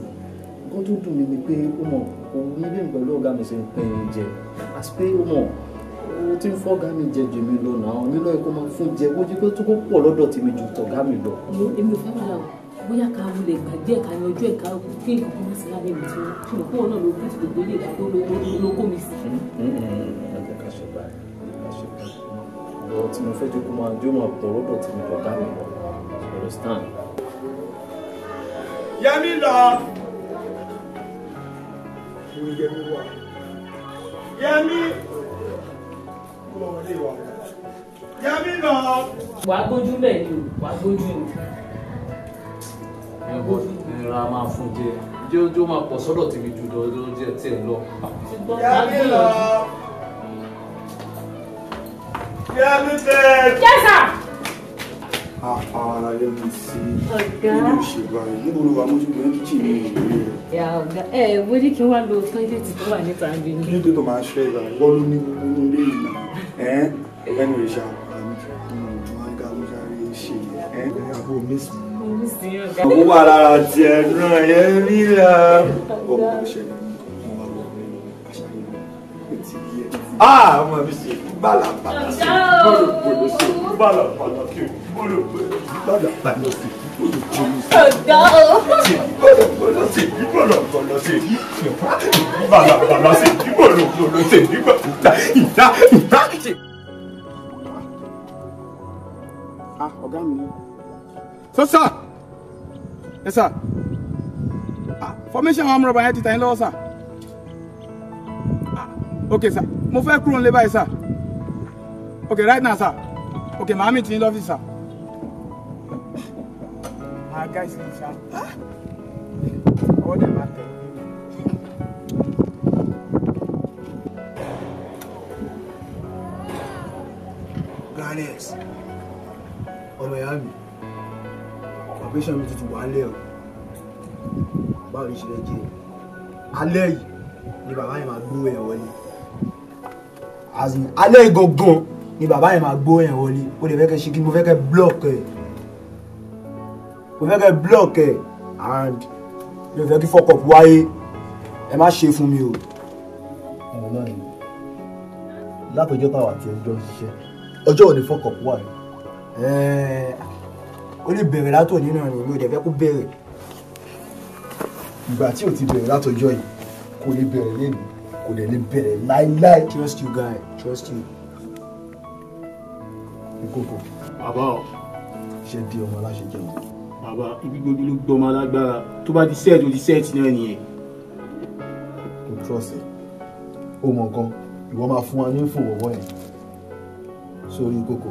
ó tún dùn mí ni pé ó mọ̀ òun ní bí pẹ̀lú ọ̀gá mi ṣe ń pín in jẹ àti pé ó mọ̀ ó ti ń fọ́gá mi jẹ jù mí lọ náà nínú ẹ̀kọ́ máa fún jẹ bó jí pé tó kó pọ̀ lọ́dọ̀ tèmi ju tọ̀gá mi lọ. èmi ò fẹ́ wà láwọ̀ bóyá ká wulẹ̀ gbàgbé ẹ̀ka ní ojú ẹ̀ka kí nǹkan kan máa ṣe mi tí wọ́n kó wọn náà ló bí ti ilé ìdájọ́ olóko mi sí. ọjọ́ mm, mm, mm, ká ṣe báyìí ká ṣe báyìí ọ̀rọ̀ tí mo fẹ́ jẹ́ kó máa jó máa pọ̀ lọ́dọ̀ tèmi tọ̀gá mi lọ yẹmi lọ wo Yẹmí wà Yẹmí lọ wọlé wa Yẹmí lọ. wàá gbójú bẹ́ẹ̀ ni wàá gbójú ni. ẹ bọ nira máa fún jẹ jẹ ojú máa pọ̀ sọ́dọ̀ tèmi jù lọ jẹ tiẹ̀ lọ. Yẹmí lọ. Yẹmí bẹ́ẹ̀. jẹ́sà ara rẹ mi sí olùṣègbà yìí níbo ló wà mọ́tòkì ní kíchìn ní ìlú rẹ. ẹ ẹ wo ni kí n lo tọ́lẹ́tì tó wà níta bí kí ló dé tó máa ṣe ìgbà wọ́n ló ní nínú ilé yìí náà ẹ ẹnu ìṣà ọ̀gá mi sáré ṣe ẹ àbò mi sùn. àwọn wà lára tiẹ̀ náà ẹ rí ra. ọkọ̀ ìṣẹ̀lẹ̀ mi wà lọ́wọ́ nínú àṣà yìí ti kí ẹ. ọmọ mi ṣe balabala olùpolóso ah ọ̀gá mi ni. sọ́sà ẹ sà formation àwọn ọmọọba yẹn ti tàn yín lọ́wọ́ sà ah, ok sà mo fẹ́ kúrò nílé báyìí sà. Okay, right now, sir. Okay, my meeting in ń lọ́fíìsì, sir. My guys in the What the matter. Ghanaians, Oh my! mi, operation mi to wà á lẹ̀ o. Báwo ni ṣe lè jẹ́? Alẹ́ yìí ni bàbá yìí máa gbó ẹ̀ wọlé. Alẹ́ gangan ni bàbá yẹn máa gbó yẹn wọlé o lè fẹ́ kẹ́ ṣe kí mo fẹ́ kẹ́ block ẹ̀ mo fẹ́ kẹ́ block ẹ̀ and mi ò fẹ́ kí fọkọ̀ wáyé ẹ má ṣe fún mi o. ọmọ náà ni látọjọ́ táwa ti ń jọ ṣiṣẹ́ ọjọ́ òní fọkọ̀ wáyé. ó lè bẹ̀rẹ̀ látòní náà ni mi ò dẹ̀ fẹ́ kó bẹ̀rẹ̀. ìgbà tí o ti bẹ̀rẹ̀ látọjọ́ yìí kò lè bẹ̀rẹ̀ lẹ́nu kò lè bẹ̀rẹ̀ láíláí. trust you guy trust you ìkòkò. bàbá o. ṣé di ọmọ aláṣẹ jẹun. bàbá ibi gbogbo ló gbọ́ ọmọ alágbára tó bá di sẹ́ẹ̀tì ó di sẹ́ẹ̀tì náà nìyẹn. kò trọ́ọ̀sì ó mọ nǹkan ìwọ máa fún wa ní fòwọ́wọ́ yẹn sórí ìkòkò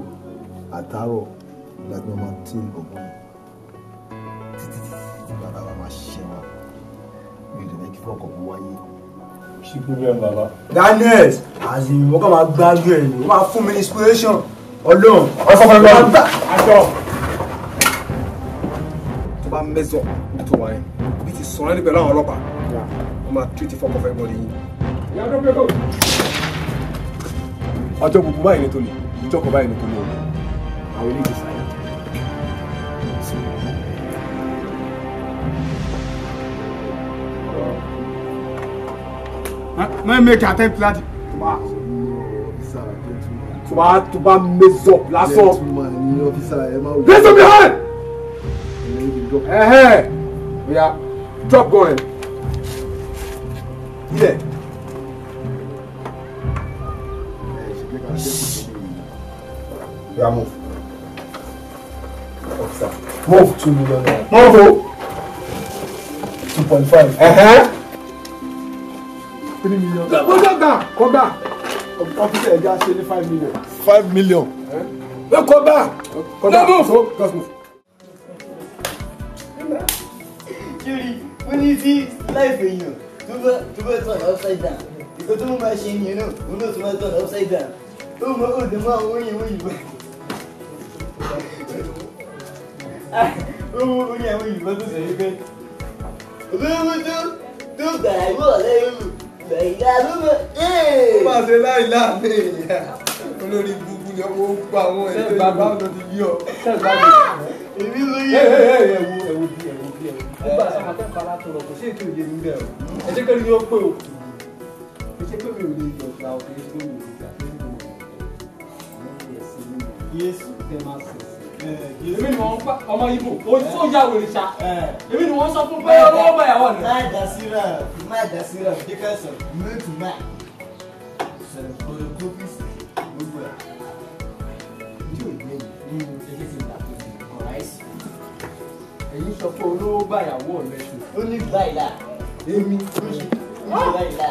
àtàárọ̀ láti máa tí ìbọ̀wọ́ yẹn títí títí bàbá wa máa ṣiṣẹ́ wa mi ò kí fọ́ọ̀kọ̀ bó wáyé ṣíkú bẹ́ẹ̀ bàbá. Daniel azimu wọ́n kàn máa gbádùn ẹ̀ ni wọ́n máa fún mi inspiration. Ọlọ́run ọsọ fún Ọlọ́run àjọ. tó bá mẹ́sàn án tó wà yẹn bí ti sọ̀rọ̀ ẹni pẹ̀lú àwọn ọlọ́pàá wọ́n máa tú ti fọkàn fẹ́ bọ́ọ̀lì yìí. ọjọ́ gbogbo báyìí ni tó lè ìjọkọ̀ báyìí ni tó lè ọ̀rọ̀ àwọn ilé ìgbésà yẹn. Mwen mwen ki attempt lati. Ba tó bá tó bá mẹ́sọ̀ lásán. Raise up behind. hand. Ẹ̀hẹ́ bóyá drop gun ẹ̀ ilẹ̀. Bóyá move. Move two million naira. Move Two point five. Three million. Kọ́gbà kọ́gbà ọ́fíìsì ẹ̀já ṣe ní five million. five million. ẹ kọ bá lẹ́mú. yìí wọ́n ní sí láìpẹ́ èèyàn tó bá tó bá tọ̀ ní upside down ìkó tó mú máa ṣe yẹn náà òun náà tó bá tọ̀ ní upside down ó mọ òde mọ́ àwọn oyin oyin wá. ó mú oyin àwọn oyin wá tó sọ yìí pé òun ló tó tó gbàgbọ́ lẹ́yìn ó máa ṣe láì láàmì èèyàn olórí gbogbo ni ó ń pa àwọn ẹgbẹ́ ìgbà báwọn ti yí ọ. èmi ló yẹ ẹ wo ẹ wo bí ẹ bí ẹ ó bá sàkàtà bàlá tó lọ kò sí ètò ìyè níbẹ̀ o ẹ jẹ́ kẹ́rin yóò pé o kò sí pé mi ò lè jọ ìgbà òkè tó wù ú ìgbà ìgbà tó wù ú ìyẹn sì tẹ́ máa sọ èmi ni wọ́n ọmọ ibo ó yà wèrè sa èmi ni wọ́n sọ fún pé ọlọ́wọ́ bá yàwọ̀ ni. má dà sí rà má dà sí rà because of me to ma sọ̀rọ̀ kọ́rọ̀ kófíìsì gbogbo ẹ̀ yóò gbé mi nínú ẹgbẹ́ ti gbà tó fi ọ̀rọ̀ àìsàn. èyí sọ pé olówó bá yàwọ̀ rẹ̀ sùn. ó ní báyìí la èmi ah! ó ní báyìí la.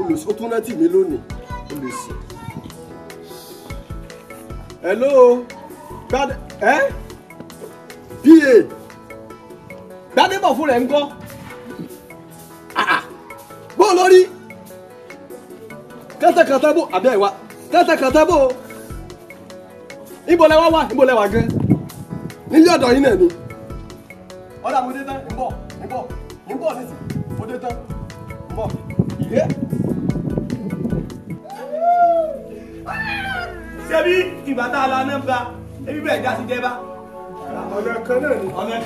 olùsọ tún rántí mi lónìí olùsọ. hello gbadé ẹ pa gbadé bọ̀ fún rẹ̀ ń gọ́ ah, ah. bó lórí kátàkátà bò àbí ẹ̀wà kátàkátà bò ibo lẹwa wà ibo lẹwa gan nílé ọ̀dọ̀ yín náà ni ọ̀dà mo dé tán ń bọ̀ ń bọ̀ ń bọ̀ nísìnyí mo dé tán ń bọ̀ ìyé ṣebí ìgbà tá a la náà ba ebi bẹ́ẹ̀ já sí jẹba. ọ̀nà kan náà ni. ọ̀nà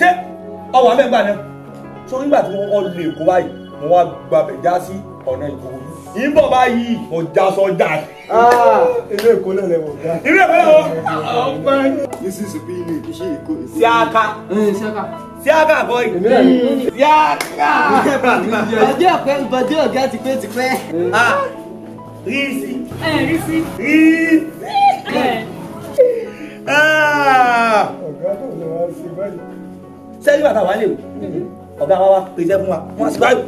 ṣé ọwọ́ abẹ́ gbà náà so nígbà tí wọ́n lè kó báyìí mo wá gbàbẹ̀ já sí ọ̀nà ìkòkò yìí ìbọ̀ báyìí mo já sọ́jà. Ah, ilé èkó náà lè wọ̀ já. ilé èkó náà wọ̀. ọ̀pẹ. this is bí ilé ìṣe ìkó. sí aka. sí aka tíákà boy? tíákà. bàjẹ́ ọ̀pẹ bàjẹ́ ọ̀gá ti pé ti pẹ́. Eh. Ah, rísí. Eh, rísí. rísí. Eh. Ah. ọ̀gá tó lọ wá sí báyìí. sẹ́yìn bàtà wà lè wò ọ̀gá wa wá pèsè fún wa wọ́n sì báyìí.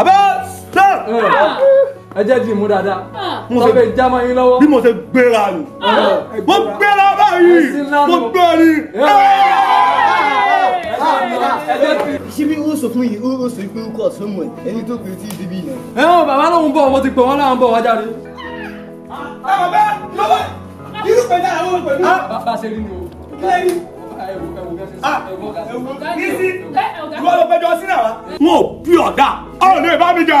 abẹ́ stop. Ah ẹ jẹ́ di mú dáadáa mo ṣe já máa yín lọ́wọ́. bí mo ṣe gbéra nù mo gbéra báyìí mo gbéra ni. ṣíbí ó sọ fún yìí ó sọ pé ó kọ sọmọ ẹni tó pè é tí ìdíbí yẹn. ẹ ọ bàbá náà ń bọ̀ ti pè wọ́n náà ń bọ̀ wọ́n jáde. bàbá lọ́wọ́ irú pẹ̀lú àwọn ọmọ pẹ̀lú. bàbá ṣe rí ni o. kílẹ̀ ni. Ìsì, wọ́n lọ pẹjọ sí náà wá. Wọ́n ò bí ọ̀dà, ọ̀rọ̀ lè bá mi jà.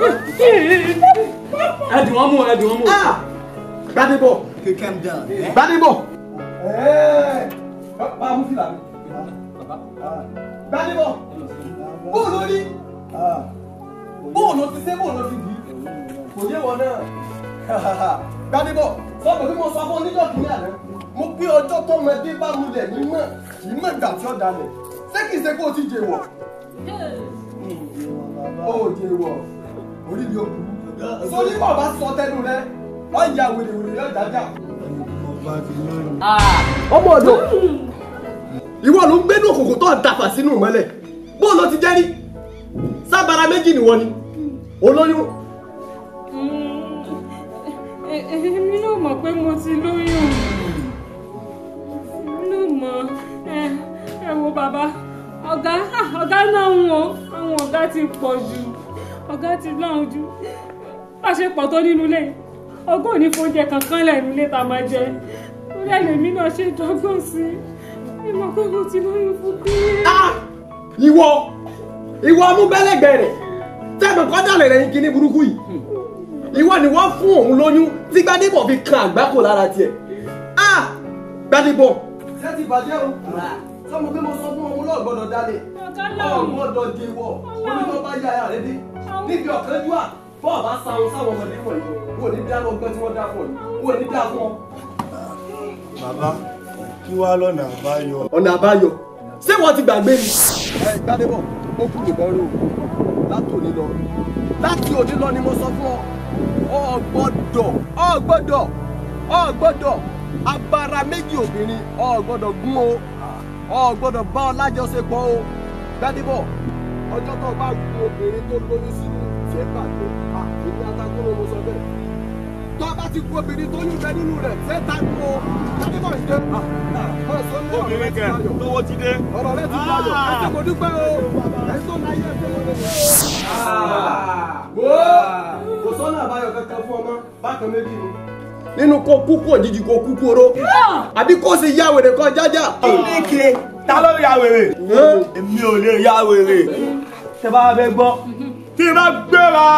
Ah, ẹdùn wọn mú ẹdùn wọn mú. gbadebo. Eh? gbadebo. Eh! bá a mú fìlà mi. gbadebo. bóòlù ni ah! bóòlù ti ṣe bóòlù ti di kò yé wọn náà. gbadebo sọ́kùn tí mo sọ fún oníjọ́ kìíní àná mo pé ọjọ́ tọ́mọdé bá mulẹ̀ mímọ́ mímọ́ ìgbà tí ó dalẹ̀ ṣé kìí ṣe kó o ti jẹ wọ̀. ó jẹ wọ̀ orí mi ò kú sórí bọ̀ bá sọ tẹnu rẹ ọ̀ya wèrèwèrè yóò jájà. Ah, ọmọ ọ̀dọ̀ ìwọ ló ń gbénú òkòkò tó ń dàfà sínú ìmọ́lẹ̀ bóun ló ti jẹ́ rí sábàrà méjì nìwọ ni olóyún. Hmm. E, èmi náà mọ̀ pé mo ti lóyún mi náà mọ̀ ẹ wo bàbá ọ̀gá ah, ọ̀gá náà ń wọ ọ̀gá ti pọ̀ jù ọ̀gá ti láwọn ojú bá ṣe pọ̀ tó nínú ilé ọgbọ́n ò ní fóúnjẹ kankan lẹ́nu ilé tá a máa jẹ lórí ẹlẹ́mí náà ṣe ìdọ́gbọ́n sí i ìmọ̀ pé mo ti lóyún fún bí. Ah! ìwọ ìwọ amúbẹ́lẹ́gbẹ̀ẹ́ rẹ̀ tẹ́gbọ̀n kọ́jà lè rẹ̀yìn kíní burúkú yìí ìwọ ni wọ́n fún òun lóyún tí Gbádébọ̀ fi kan àgbákò lára tiẹ̀. Ah! Gbádébọ̀. ṣé ti bàjẹ́ o. Ah! sọmọ pé mo sọ fún ọmọ náà gbọ́dọ̀ dalẹ̀ ọmọ ọdọ di wọ onígbọ bá yá ara rẹ dé níbi ọkàn jù à bọ ọba sáwọn sáwọn ọmọdé wọ̀nyí wò ní dá lọ́gbọ́n tí wọ́n dá fún ọ wò ní dá fún ọ. bàbá kí wàá lọ́nà àbáyọ. ọ̀nà àbáyọ ṣé wọ́n ti gbàgbé ni. ẹ gbàdébọ̀ ó kú ìbọn rò látòní lọ láti òní lọ ni mo sọ fún ọ ọ gbọ́dọ̀ ọ gbọ́dọ̀ ọ gbọ́dọ̀ abara méjì obìnrin ọ gbọ́dọ̀ gún o ọ bá ọ lájọṣepọ̀ o gbadébọ̀ ọjọ́ tó bá wù obìnrin tó lóyún sínú tí ẹ bá tó a ìní atakóró tó bá ti kú obìnrin tó yún bẹ nínú rẹ̀ tẹ́ ta kú o gbadébọ̀ ṣe ọ sọ ní ọ̀rọ̀ rẹ ti dayọ̀ lówó ti dé ọ̀rọ̀ rẹ ti dayọ̀ ah! ẹ ṣé mo o ẹ tó láyé ẹ ṣé mo ah! Ah! kò sọ́nà àbáyọ kankan fún ọmọ bákan méjì ni nínú kó kúkú òjijì kó kúkú oró ah! àbí kó sì yá wèrè kan jájá. kíkẹ́ ah. ta ló ya wèrè èmi ò lè ya wèrè tẹ bá fẹ́ gbọ́ tí bá gbéra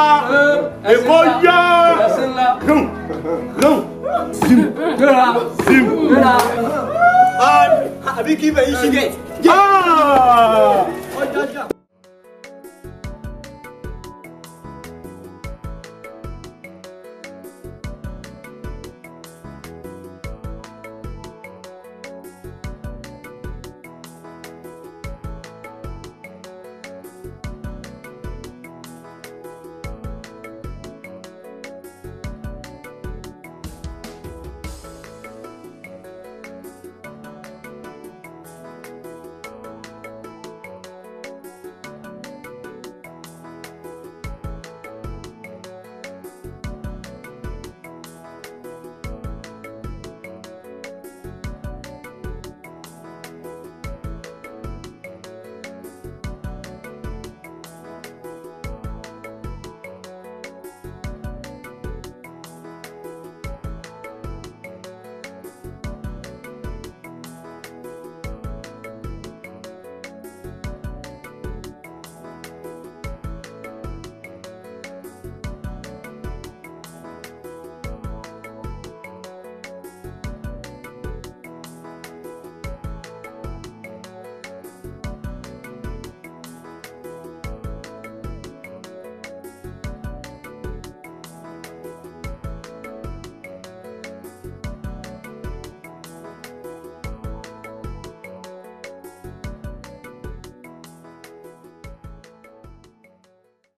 èkó yá dùn dùn sim gbéra sim gbéra. àbí kí bẹ́ẹ̀ yí ṣí gẹ̀ẹ́tì. Ah!